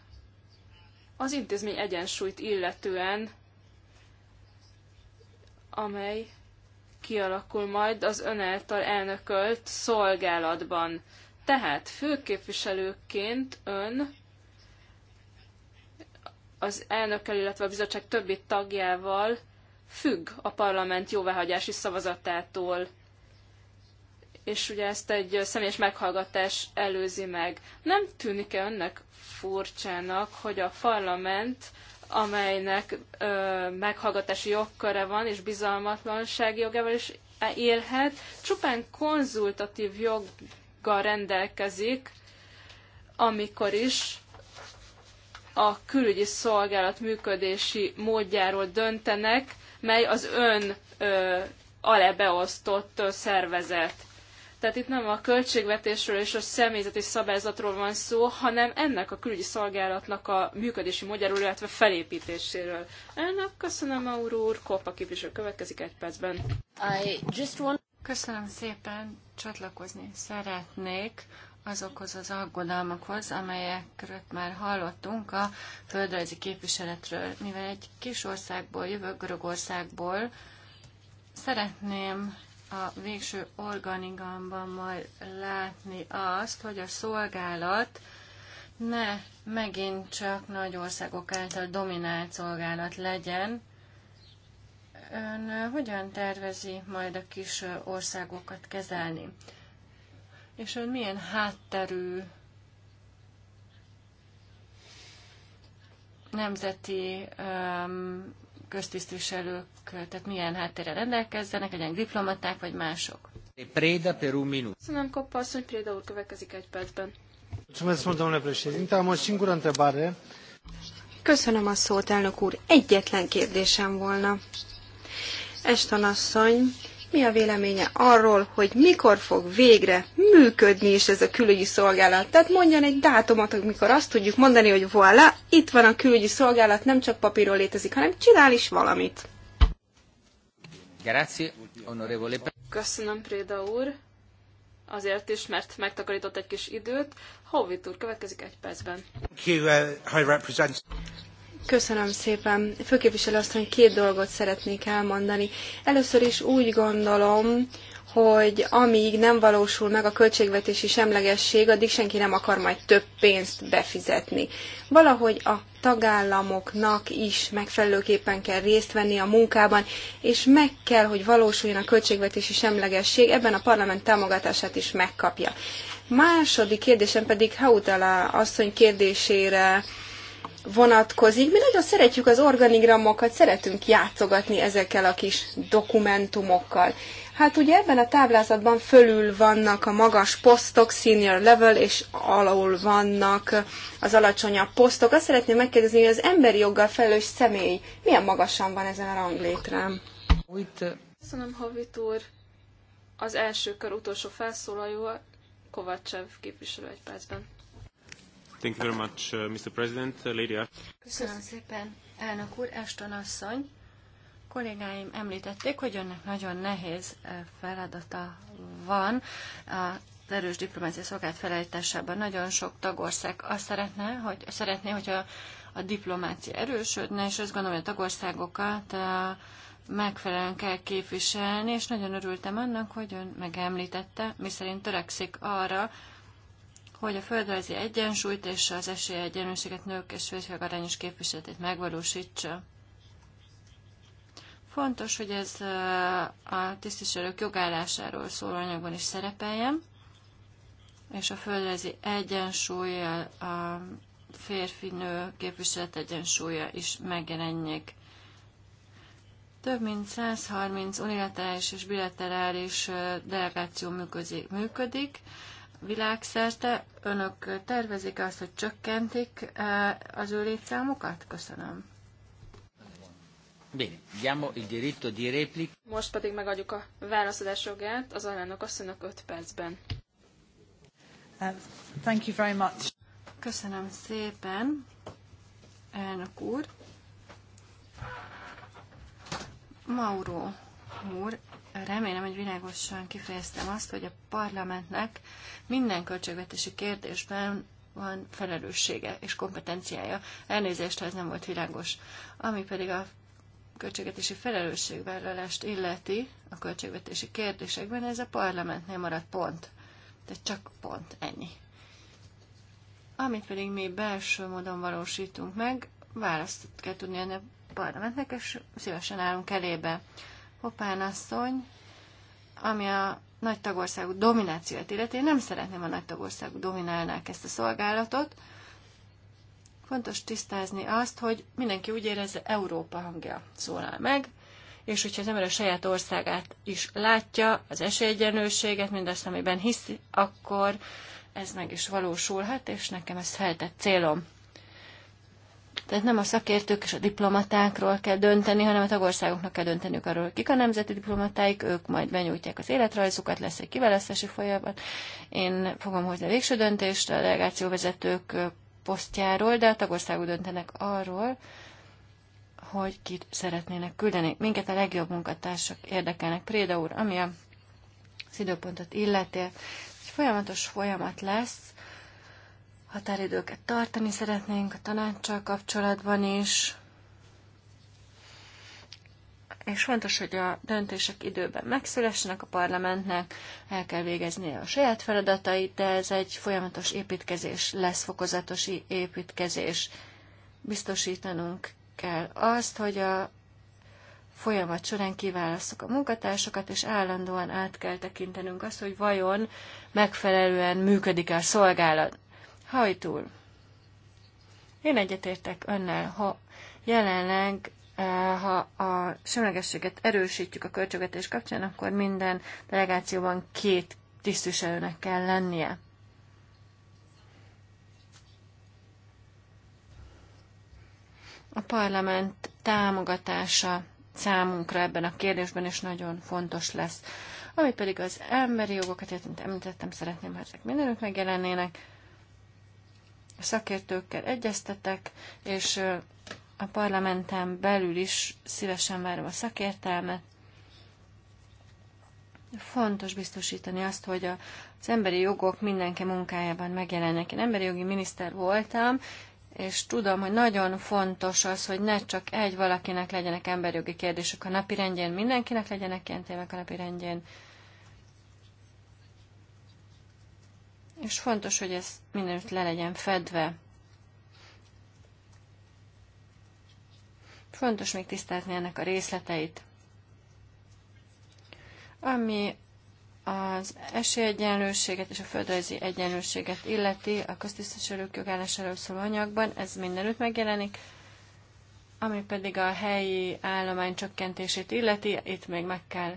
az intézmény egyensúlyt illetően amely kialakul majd az ön által elnökölt szolgálatban. Tehát főképviselőként ön az elnökkel, illetve a bizottság többi tagjával függ a parlament jóváhagyási szavazatától. És ugye ezt egy személyes meghallgatás előzi meg. Nem tűnik-e önnek furcsának, hogy a parlament amelynek ö, meghallgatási jogköre van, és bizalmatlanság jogával is élhet, csupán konzultatív joggal rendelkezik, amikor is a külügyi szolgálat működési módjáról döntenek, mely az ön ö, alebeosztott szervezet. Tehát itt nem a költségvetésről és a személyzeti szabályzatról van szó, hanem ennek a külügyi szolgálatnak a működési modellről, illetve felépítéséről. Elnök, köszönöm, Maur úr. Koppa képviselő következik egy percben. I just want... Köszönöm szépen, csatlakozni szeretnék azokhoz az aggodalmakhoz, amelyekről már hallottunk a földrajzi képviseletről. Mivel egy kis országból jövök, Görögországból, szeretném a végső organigamban majd látni azt, hogy a szolgálat ne megint csak nagy országok által dominált szolgálat legyen. Ön hogyan tervezi majd a kis országokat kezelni? És ön milyen hátterű nemzeti um, köztisztviselők, tehát milyen háttérrel rendelkezzenek, legyenek diplomaták vagy mások. Préda per un minut. Köszönöm, Koppa hogy Préda úr következik egy percben. Köszönöm a szót, elnök úr. Egyetlen kérdésem volna. Eston asszony, mi a véleménye arról, hogy mikor fog végre működni is ez a külügyi szolgálat? Tehát mondjon egy dátumot, amikor azt tudjuk mondani, hogy voilà, itt van a külügyi szolgálat, nem csak papíról létezik, hanem csinál is valamit. onorevole. Köszönöm, Préda úr. Azért is, mert megtakarított egy kis időt. Hovit úr, következik egy percben. Köszönöm szépen. Főképviselő asszony, két dolgot szeretnék elmondani. Először is úgy gondolom, hogy amíg nem valósul meg a költségvetési semlegesség, addig senki nem akar majd több pénzt befizetni. Valahogy a tagállamoknak is megfelelőképpen kell részt venni a munkában, és meg kell, hogy valósuljon a költségvetési semlegesség, ebben a parlament támogatását is megkapja. Második kérdésem pedig Hautala asszony kérdésére vonatkozik. Mi nagyon szeretjük az organigramokat, szeretünk játszogatni ezekkel a kis dokumentumokkal. Hát ugye ebben a táblázatban fölül vannak a magas posztok, senior level, és alul vannak az alacsonyabb posztok. Azt szeretném megkérdezni, hogy az emberi joggal felelős személy milyen magasan van ezen a ranglétrán? Köszönöm, Havit úr. Az első kör utolsó felszólaló Kovácsev képviselő egy percben. Thank you very much, uh, Mr. President. Uh, Lady Köszönöm szépen, elnök úr, Eston asszony. Kollégáim említették, hogy önnek nagyon nehéz uh, feladata van az erős diplomáciai szolgált felállításában. Nagyon sok tagország azt szeretne, hogy, szeretné, hogy a diplomácia erősödne, és azt gondolom, hogy a tagországokat megfelelően kell képviselni, és nagyon örültem annak, hogy ön megemlítette, miszerint törekszik arra, hogy a földrajzi egyensúlyt és az esélyegyenlőséget nők és férfiak arányos képviseletét megvalósítsa. Fontos, hogy ez a tisztviselők jogállásáról szóló anyagban is szerepeljen, és a földrajzi egyensúly, a férfi-nő képviselet egyensúlya is megjelenjék. Több mint 130 unilaterális és bilaterális delegáció működik, működik világszerte. Önök tervezik azt, hogy csökkentik e, az ő létszámukat? Köszönöm. Bene, diamo il diritto di Most pedig megadjuk a válaszadás jogát az alelnök asszonynak 5 percben. Uh, thank you very much. Köszönöm szépen, elnök úr. Mauro úr Remélem, hogy világosan kifejeztem azt, hogy a parlamentnek minden költségvetési kérdésben van felelőssége és kompetenciája. Elnézést, ha ez nem volt világos. Ami pedig a költségvetési felelősségvállalást illeti a költségvetési kérdésekben, ez a parlamentnél maradt pont. De csak pont, ennyi. Amit pedig mi belső módon valósítunk meg, választ kell tudni a parlamentnek, és szívesen állunk elébe. Hopán asszony, ami a nagy tagországú dominációt illeti, én nem szeretném, a nagy tagországú dominálnák ezt a szolgálatot. Fontos tisztázni azt, hogy mindenki úgy érezze, Európa hangja szólal meg, és hogyha az ember a saját országát is látja, az esélyegyenlőséget, mindazt, amiben hiszi, akkor ez meg is valósulhat, és nekem ez feltett célom. Tehát nem a szakértők és a diplomatákról kell dönteni, hanem a tagországoknak kell dönteniük arról, kik a nemzeti diplomatáik, ők majd benyújtják az életrajzukat, lesz egy kiválasztási folyamat. Én fogom hozni a végső döntést a delegációvezetők posztjáról, de a tagországok döntenek arról, hogy kit szeretnének küldeni. Minket a legjobb munkatársak érdekelnek. Préda úr, ami az időpontot illeti, egy folyamatos folyamat lesz, Határidőket tartani szeretnénk a tanácssal kapcsolatban is. És fontos, hogy a döntések időben megszülessenek a parlamentnek, el kell végeznie a saját feladatait, de ez egy folyamatos építkezés lesz, fokozatos építkezés. Biztosítanunk kell azt, hogy a folyamat során kiválasztok a munkatársokat és állandóan át kell tekintenünk azt, hogy vajon megfelelően működik-e a szolgálat. Hajtul. Én egyetértek önnel, ha jelenleg eh, ha a semlegességet erősítjük a költségvetés kapcsán, akkor minden delegációban két tisztviselőnek kell lennie. A parlament támogatása számunkra ebben a kérdésben is nagyon fontos lesz. Ami pedig az emberi jogokat, amit említettem, szeretném, ha ezek mindenütt megjelennének a szakértőkkel egyeztetek, és a parlamenten belül is szívesen várom a szakértelmet. Fontos biztosítani azt, hogy az emberi jogok mindenki munkájában megjelennek. Én emberi jogi miniszter voltam, és tudom, hogy nagyon fontos az, hogy ne csak egy valakinek legyenek emberi jogi kérdések a napi rendjén, mindenkinek legyenek ilyen témák a napi rendjén. és fontos, hogy ez mindenütt le legyen fedve. Fontos még tisztázni ennek a részleteit. Ami az esélyegyenlőséget és a földrajzi egyenlőséget illeti a köztisztviselők jogállásáról szóló anyagban, ez mindenütt megjelenik, ami pedig a helyi állomány csökkentését illeti, itt még meg kell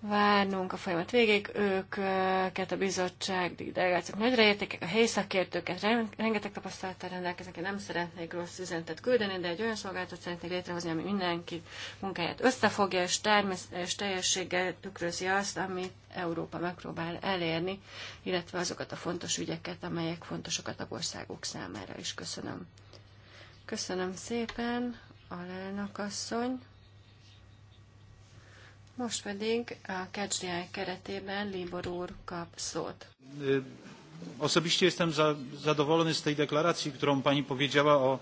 várnunk a folyamat végéig. Őket a bizottság delegációk nagyra értékek, a helyi szakértőket rengeteg tapasztalattal rendelkeznek, én nem szeretnék rossz üzenetet küldeni, de egy olyan szolgáltatást szeretnék létrehozni, ami mindenki munkáját összefogja, és, és teljességgel tükrözi azt, amit Európa megpróbál elérni, illetve azokat a fontos ügyeket, amelyek fontosak a tagországok számára is. Köszönöm. Köszönöm szépen, Alelnak asszony. Most pedig a KCDI keretében Libor úr kap szót. Osobiście jestem zadowolony z tej deklaracji, którą pani powiedziała o...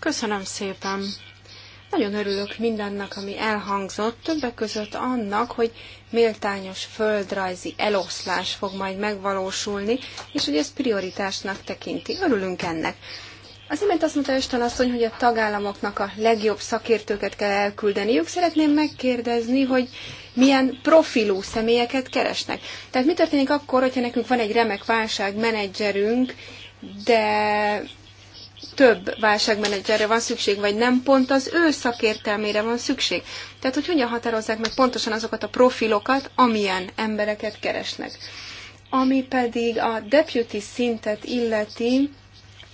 Köszönöm szépen. Nagyon örülök mindennek, ami elhangzott, többek között annak, hogy méltányos földrajzi eloszlás fog majd megvalósulni, és hogy ez prioritásnak tekinti. Örülünk ennek. Az imént azt mondta Östen asszony, hogy a tagállamoknak a legjobb szakértőket kell elküldeniük. Szeretném megkérdezni, hogy milyen profilú személyeket keresnek. Tehát mi történik akkor, hogyha nekünk van egy remek válságmenedzserünk, de több válságmenedzserre van szükség, vagy nem pont az ő szakértelmére van szükség. Tehát, hogy hogyan határozzák meg pontosan azokat a profilokat, amilyen embereket keresnek. Ami pedig a deputy szintet illeti,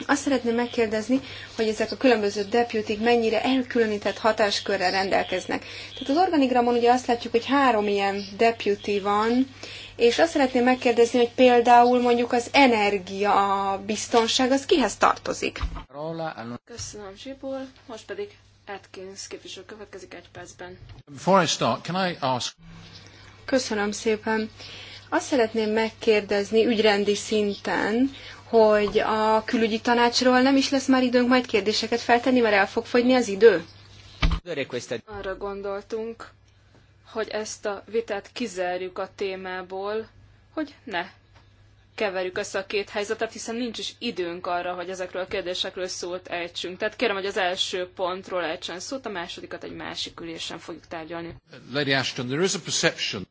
azt szeretném megkérdezni, hogy ezek a különböző deputik mennyire elkülönített hatáskörrel rendelkeznek. Tehát az organigramon ugye azt látjuk, hogy három ilyen deputy van, és azt szeretném megkérdezni, hogy például mondjuk az energia biztonság az kihez tartozik? Köszönöm, Zsibor. Most pedig Atkins képviselő következik egy percben. Before I start, can I ask... Köszönöm szépen. Azt szeretném megkérdezni ügyrendi szinten, hogy a külügyi tanácsról nem is lesz már időnk majd kérdéseket feltenni, mert el fog fogyni az idő? Arra gondoltunk, hogy ezt a vitát kizárjuk a témából, hogy ne keverjük össze a két helyzetet, hiszen nincs is időnk arra, hogy ezekről a kérdésekről szót ejtsünk. Tehát kérem, hogy az első pontról ejtsen szót, a másodikat egy másik ülésen fogjuk tárgyalni. Lady Ashton, there is a perception.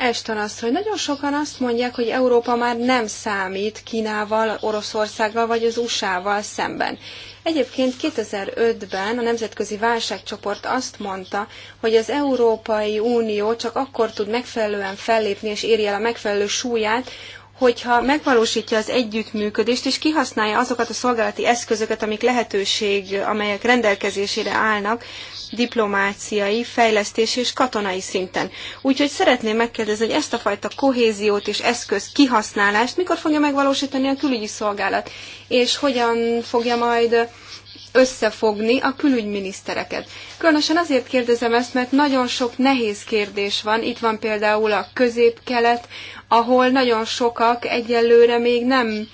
Eston azt, hogy nagyon sokan azt mondják, hogy Európa már nem számít Kínával, Oroszországgal vagy az USA-val szemben. Egyébként 2005-ben a Nemzetközi Válságcsoport azt mondta, hogy az Európai Unió csak akkor tud megfelelően fellépni és éri el a megfelelő súlyát, hogyha megvalósítja az együttműködést, és kihasználja azokat a szolgálati eszközöket, amik lehetőség, amelyek rendelkezésére állnak diplomáciai, fejlesztési és katonai szinten. Úgyhogy szeretném megkérdezni, hogy ezt a fajta kohéziót és eszköz kihasználást mikor fogja megvalósítani a külügyi szolgálat, és hogyan fogja majd összefogni a külügyminisztereket. Különösen azért kérdezem ezt, mert nagyon sok nehéz kérdés van. Itt van például a közép-kelet, ahol nagyon sokak egyelőre még nem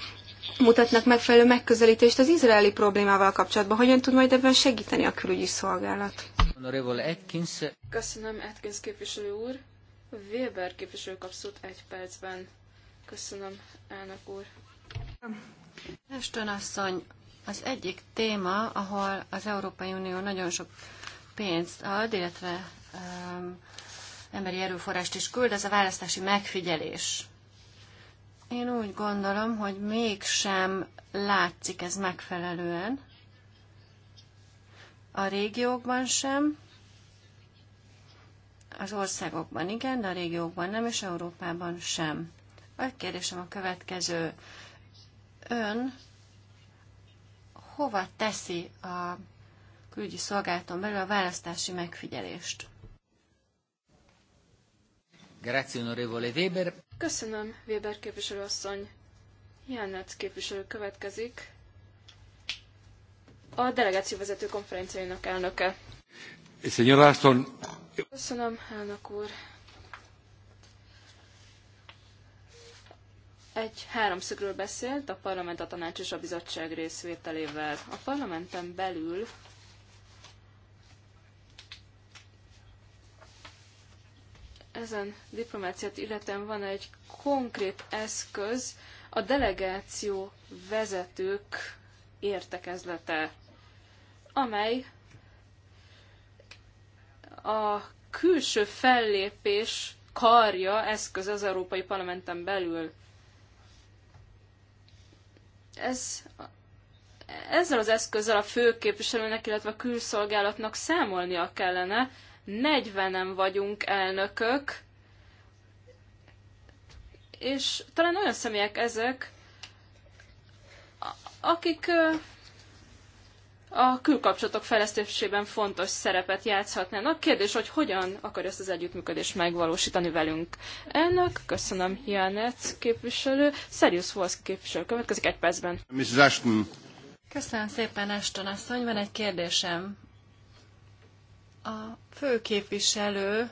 mutatnak megfelelő megközelítést az izraeli problémával kapcsolatban. Hogyan tud majd ebben segíteni a külügyi szolgálat? Köszönöm, Atkins képviselő úr. Weber képviselő kapszót egy percben. Köszönöm, elnök úr. Eston asszony, az egyik téma, ahol az Európai Unió nagyon sok pénzt ad, illetve um, emberi erőforrást is küld, az a választási megfigyelés. Én úgy gondolom, hogy mégsem látszik ez megfelelően. A régiókban sem, az országokban igen, de a régiókban nem, és Európában sem. A kérdésem a következő. Ön hova teszi a külügyi szolgálaton belül a választási megfigyelést? Grazie, onorevole Weber. Köszönöm, Weber képviselőasszony. Jánnet képviselő következik. A delegációvezető konferenciájának elnöke. Señor Aston. Köszönöm, elnök úr. egy háromszögről beszélt, a parlament, a tanács és a bizottság részvételével. A parlamenten belül ezen diplomáciát illetően van egy konkrét eszköz, a delegáció vezetők értekezlete, amely a külső fellépés karja, eszköz az Európai Parlamenten belül. Ez, ezzel az eszközzel a főképviselőnek, illetve a külszolgálatnak számolnia kellene, 40-en vagyunk elnökök, és talán olyan személyek ezek, akik a külkapcsolatok fejlesztésében fontos szerepet játszhatnának. Kérdés, hogy hogyan akar ezt az együttműködést megvalósítani velünk. Elnök, köszönöm Hiánec képviselő. Szerius Volszki képviselő következik egy percben. Mrs. Ashton. Köszönöm szépen, Ashton asszony. Van egy kérdésem a főképviselő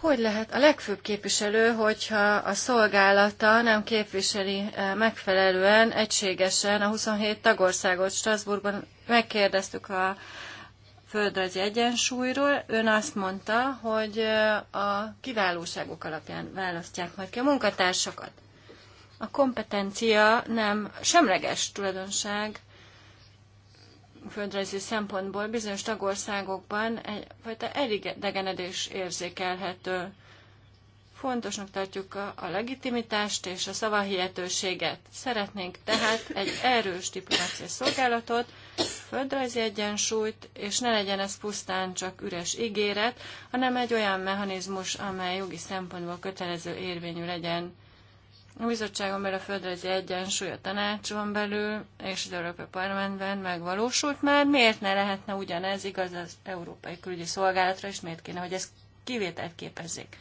hogy lehet a legfőbb képviselő, hogyha a szolgálata nem képviseli eh, megfelelően, egységesen a 27 tagországot Strasbourgban megkérdeztük a földrajzi egyensúlyról. Ön azt mondta, hogy eh, a kiválóságok alapján választják majd ki a munkatársakat. A kompetencia nem semleges tulajdonság, földrajzi szempontból bizonyos tagországokban egyfajta elidegenedés érzékelhető. Fontosnak tartjuk a, legitimitást és a szavahihetőséget. Szeretnénk tehát egy erős diplomáciai szolgálatot, földrajzi egyensúlyt, és ne legyen ez pusztán csak üres ígéret, hanem egy olyan mechanizmus, amely jogi szempontból kötelező érvényű legyen. A bizottságon belül a földrajzi egyensúly a tanácson belül és az Európai Parlamentben megvalósult már. Miért ne lehetne ugyanez igaz az Európai Külügyi Szolgálatra, és miért kéne, hogy ez kivételt képezzék?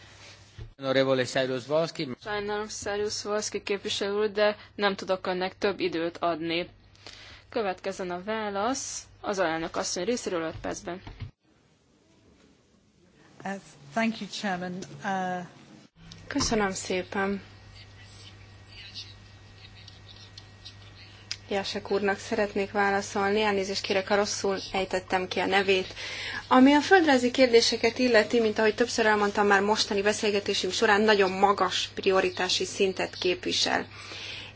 Sajnálom Szerius Valszki képviselő úr, de nem tudok önnek több időt adni. Következzen a válasz az alelnök asszony részéről 5 percben. Uh, thank you, Chairman. Uh... Köszönöm szépen. Jásek úrnak szeretnék válaszolni, elnézést kérek, ha rosszul ejtettem ki a nevét. Ami a földrajzi kérdéseket illeti, mint ahogy többször elmondtam már mostani beszélgetésünk során, nagyon magas prioritási szintet képvisel.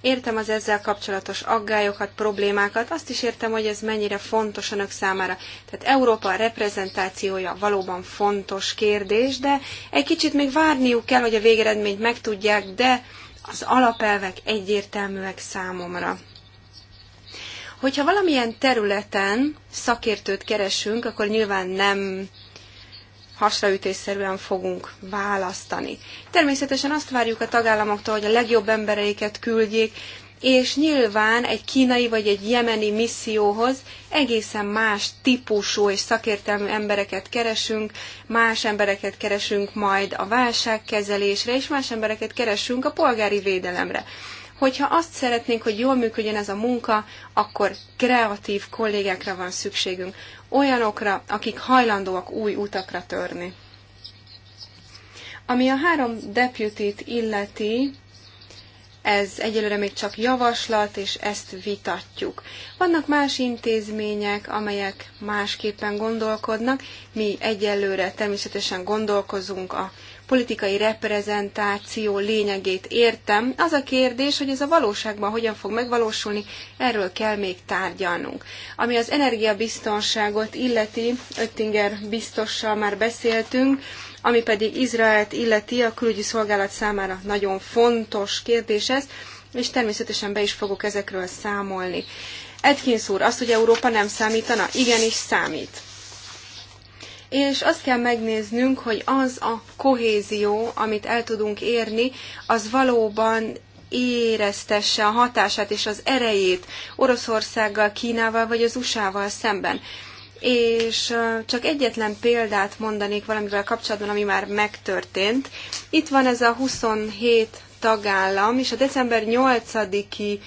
Értem az ezzel kapcsolatos aggályokat, problémákat, azt is értem, hogy ez mennyire fontos önök számára. Tehát Európa reprezentációja valóban fontos kérdés, de egy kicsit még várniuk kell, hogy a végeredményt megtudják, de az alapelvek egyértelműek számomra. Hogyha valamilyen területen szakértőt keresünk, akkor nyilván nem hasraütésszerűen fogunk választani. Természetesen azt várjuk a tagállamoktól, hogy a legjobb embereiket küldjék, és nyilván egy kínai vagy egy jemeni misszióhoz egészen más típusú és szakértelmű embereket keresünk, más embereket keresünk majd a válságkezelésre, és más embereket keresünk a polgári védelemre. Hogyha azt szeretnénk, hogy jól működjön ez a munka, akkor kreatív kollégákra van szükségünk. Olyanokra, akik hajlandóak új utakra törni. Ami a három deputit illeti, ez egyelőre még csak javaslat, és ezt vitatjuk. Vannak más intézmények, amelyek másképpen gondolkodnak, mi egyelőre természetesen gondolkozunk a politikai reprezentáció lényegét értem. Az a kérdés, hogy ez a valóságban hogyan fog megvalósulni, erről kell még tárgyalnunk. Ami az energiabiztonságot illeti, Öttinger biztossal már beszéltünk, ami pedig Izraelt illeti, a külügyi szolgálat számára nagyon fontos kérdés ez, és természetesen be is fogok ezekről számolni. Edkins úr, azt, hogy Európa nem számítana, igenis számít és azt kell megnéznünk, hogy az a kohézió, amit el tudunk érni, az valóban éreztesse a hatását és az erejét Oroszországgal, Kínával vagy az USA-val szemben. És csak egyetlen példát mondanék valamivel kapcsolatban, ami már megtörtént. Itt van ez a 27 tagállam, és a december 8-i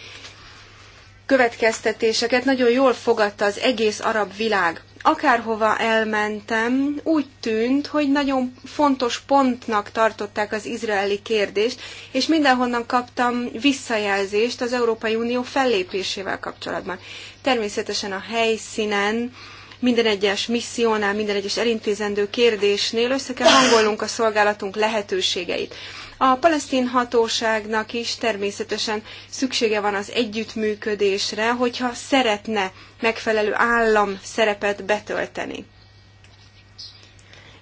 következtetéseket nagyon jól fogadta az egész arab világ akárhova elmentem, úgy tűnt, hogy nagyon fontos pontnak tartották az izraeli kérdést, és mindenhonnan kaptam visszajelzést az Európai Unió fellépésével kapcsolatban. Természetesen a helyszínen, minden egyes missziónál, minden egyes elintézendő kérdésnél össze kell hangolnunk a szolgálatunk lehetőségeit. A palesztin hatóságnak is természetesen szüksége van az együttműködésre, hogyha szeretne megfelelő állam szerepet betölteni.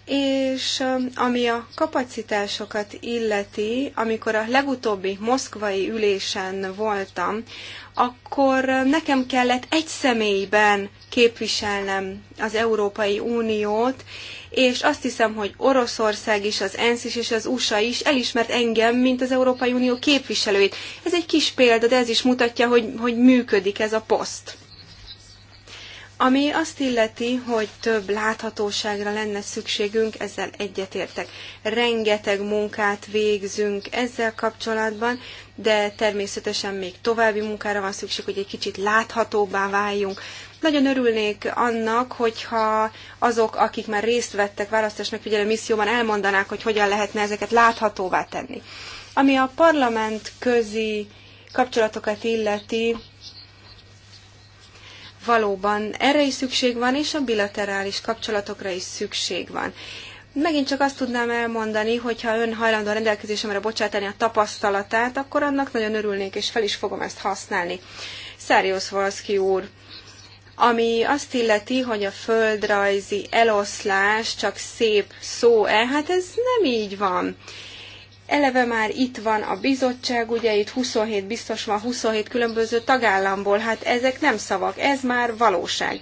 És ami a kapacitásokat illeti, amikor a legutóbbi moszkvai ülésen voltam, akkor nekem kellett egy személyben képviselnem az Európai Uniót, és azt hiszem, hogy Oroszország is, az ENSZ is és az USA is elismert engem, mint az Európai Unió képviselőjét. Ez egy kis példa, de ez is mutatja, hogy, hogy működik ez a poszt. Ami azt illeti, hogy több láthatóságra lenne szükségünk, ezzel egyetértek. Rengeteg munkát végzünk ezzel kapcsolatban, de természetesen még további munkára van szükség, hogy egy kicsit láthatóbbá váljunk. Nagyon örülnék annak, hogyha azok, akik már részt vettek választás megfigyelő misszióban, elmondanák, hogy hogyan lehetne ezeket láthatóvá tenni. Ami a parlament közi kapcsolatokat illeti, valóban erre is szükség van, és a bilaterális kapcsolatokra is szükség van. Megint csak azt tudnám elmondani, hogyha ön hajlandó a rendelkezésemre bocsátani a tapasztalatát, akkor annak nagyon örülnék, és fel is fogom ezt használni. Száriusz Valszki úr, ami azt illeti, hogy a földrajzi eloszlás csak szép szó-e, hát ez nem így van. Eleve már itt van a bizottság, ugye itt 27 biztos van, 27 különböző tagállamból, hát ezek nem szavak, ez már valóság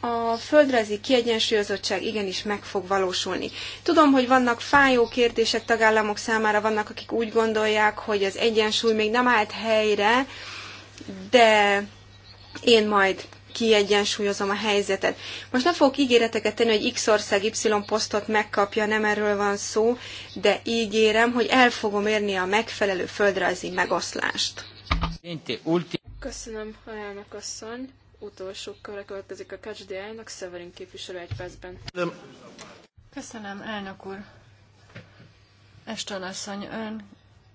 a földrajzi kiegyensúlyozottság igenis meg fog valósulni. Tudom, hogy vannak fájó kérdések tagállamok számára, vannak, akik úgy gondolják, hogy az egyensúly még nem állt helyre, de én majd kiegyensúlyozom a helyzetet. Most nem fogok ígéreteket tenni, hogy X ország Y posztot megkapja, nem erről van szó, de ígérem, hogy el fogom érni a megfelelő földrajzi megoszlást. Köszönöm, Hajának asszony. Utolsó körre következik a KCDI-nak, Severin képviselő egy percben. Köszönöm, elnök úr. Eston asszony, ön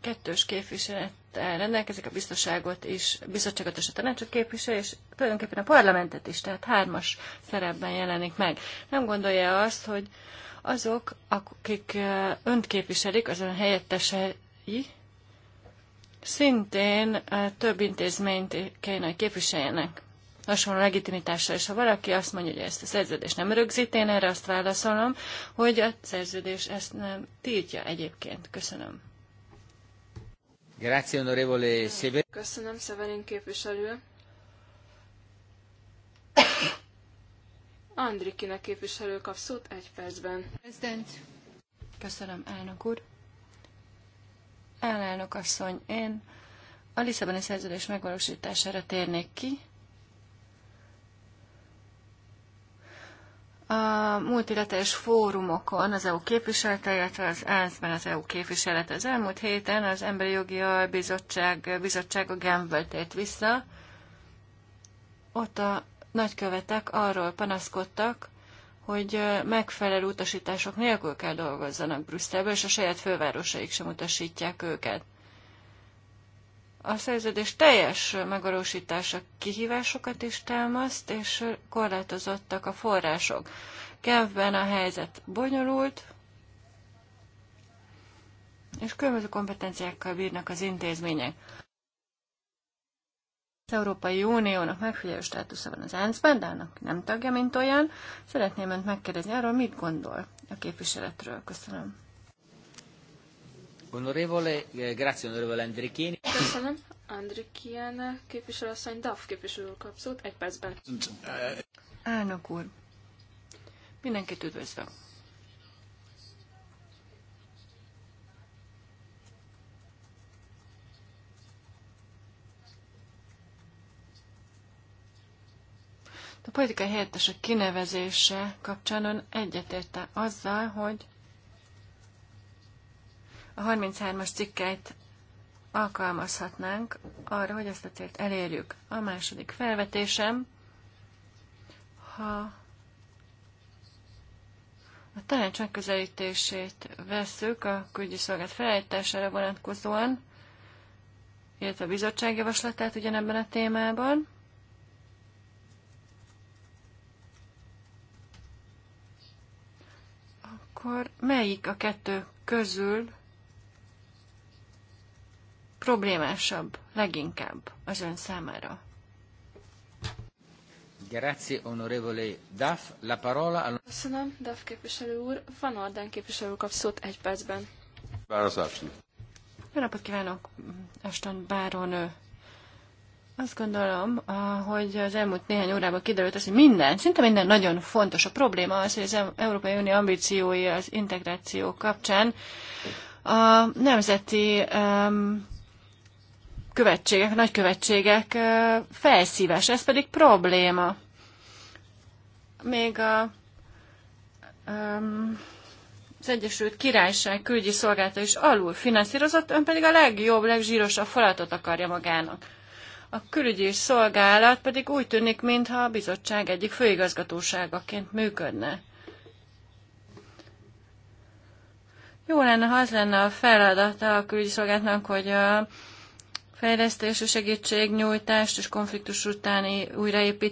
kettős képviselettel rendelkezik, a biztonságot is, bizottságot és a tanácsot képvisel, és tulajdonképpen a parlamentet is, tehát hármas szerepben jelenik meg. Nem gondolja azt, hogy azok, akik önt képviselik, az ön helyettesei, szintén több intézményt kéne, hogy képviseljenek hasonló legitimitással, és ha valaki azt mondja, hogy ezt a szerződést nem rögzít, én erre azt válaszolom, hogy a szerződés ezt nem tiltja egyébként. Köszönöm. Grazie, onorevole Severin. Köszönöm, Severin képviselő. Andrikinek képviselő kap szót egy percben. President. Köszönöm, elnök úr. Elnök asszony, én a Lisszaboni szerződés megvalósítására térnék ki, A multilaterális fórumokon az EU képviselete, illetve az ensz az EU képviselete az elmúlt héten az Emberi Jogi Bizottság, bizottság a Genből tért vissza. Ott a nagykövetek arról panaszkodtak, hogy megfelelő utasítások nélkül kell dolgozzanak Brüsszelből, és a saját fővárosaik sem utasítják őket a szerződés teljes megvalósítása kihívásokat is támaszt, és korlátozottak a források. Kevben a helyzet bonyolult, és különböző kompetenciákkal bírnak az intézmények. Az Európai Uniónak megfigyelő státusza van az ENSZ-ben, de annak nem tagja, mint olyan. Szeretném önt megkérdezni arról, mit gondol a képviseletről. Köszönöm. Onorevole, eh, grazie, onorevole Andrikén. Köszönöm. Andrikén képviselőasszony, DAF képviselő kap szót egy percben. Elnök úr, mindenkit üdvözlöm. A politikai helyettesek kinevezése kapcsán ön egyetérte azzal, hogy a 33-as cikkeit alkalmazhatnánk arra, hogy ezt a célt elérjük. A második felvetésem, ha a tanács megközelítését veszük a külügyi szolgált felállítására vonatkozóan, illetve a bizottság javaslatát ugyanebben a témában. Akkor melyik a kettő közül problémásabb leginkább az ön számára? Grazie, onorevole Duff. La parola al... Köszönöm, Duff képviselő úr. Van Orden képviselő kap szót egy percben. Jó napot kívánok, Aston Báronő. Azt gondolom, hogy az elmúlt néhány órában kiderült az, hogy minden, szinte minden nagyon fontos. A probléma az, hogy az Európai Unió ambíciói az integráció kapcsán a nemzeti um, követségek, nagykövetségek felszíves, ez pedig probléma. Még a, az Egyesült Királyság külügyi szolgálata is alul finanszírozott, ön pedig a legjobb, legzsírosabb falatot akarja magának. A külügyi szolgálat pedig úgy tűnik, mintha a bizottság egyik főigazgatóságaként működne. Jó lenne, ha az lenne a feladata a külügyi szolgálatnak, hogy a fejlesztésű segítségnyújtást és konfliktus utáni újraépítést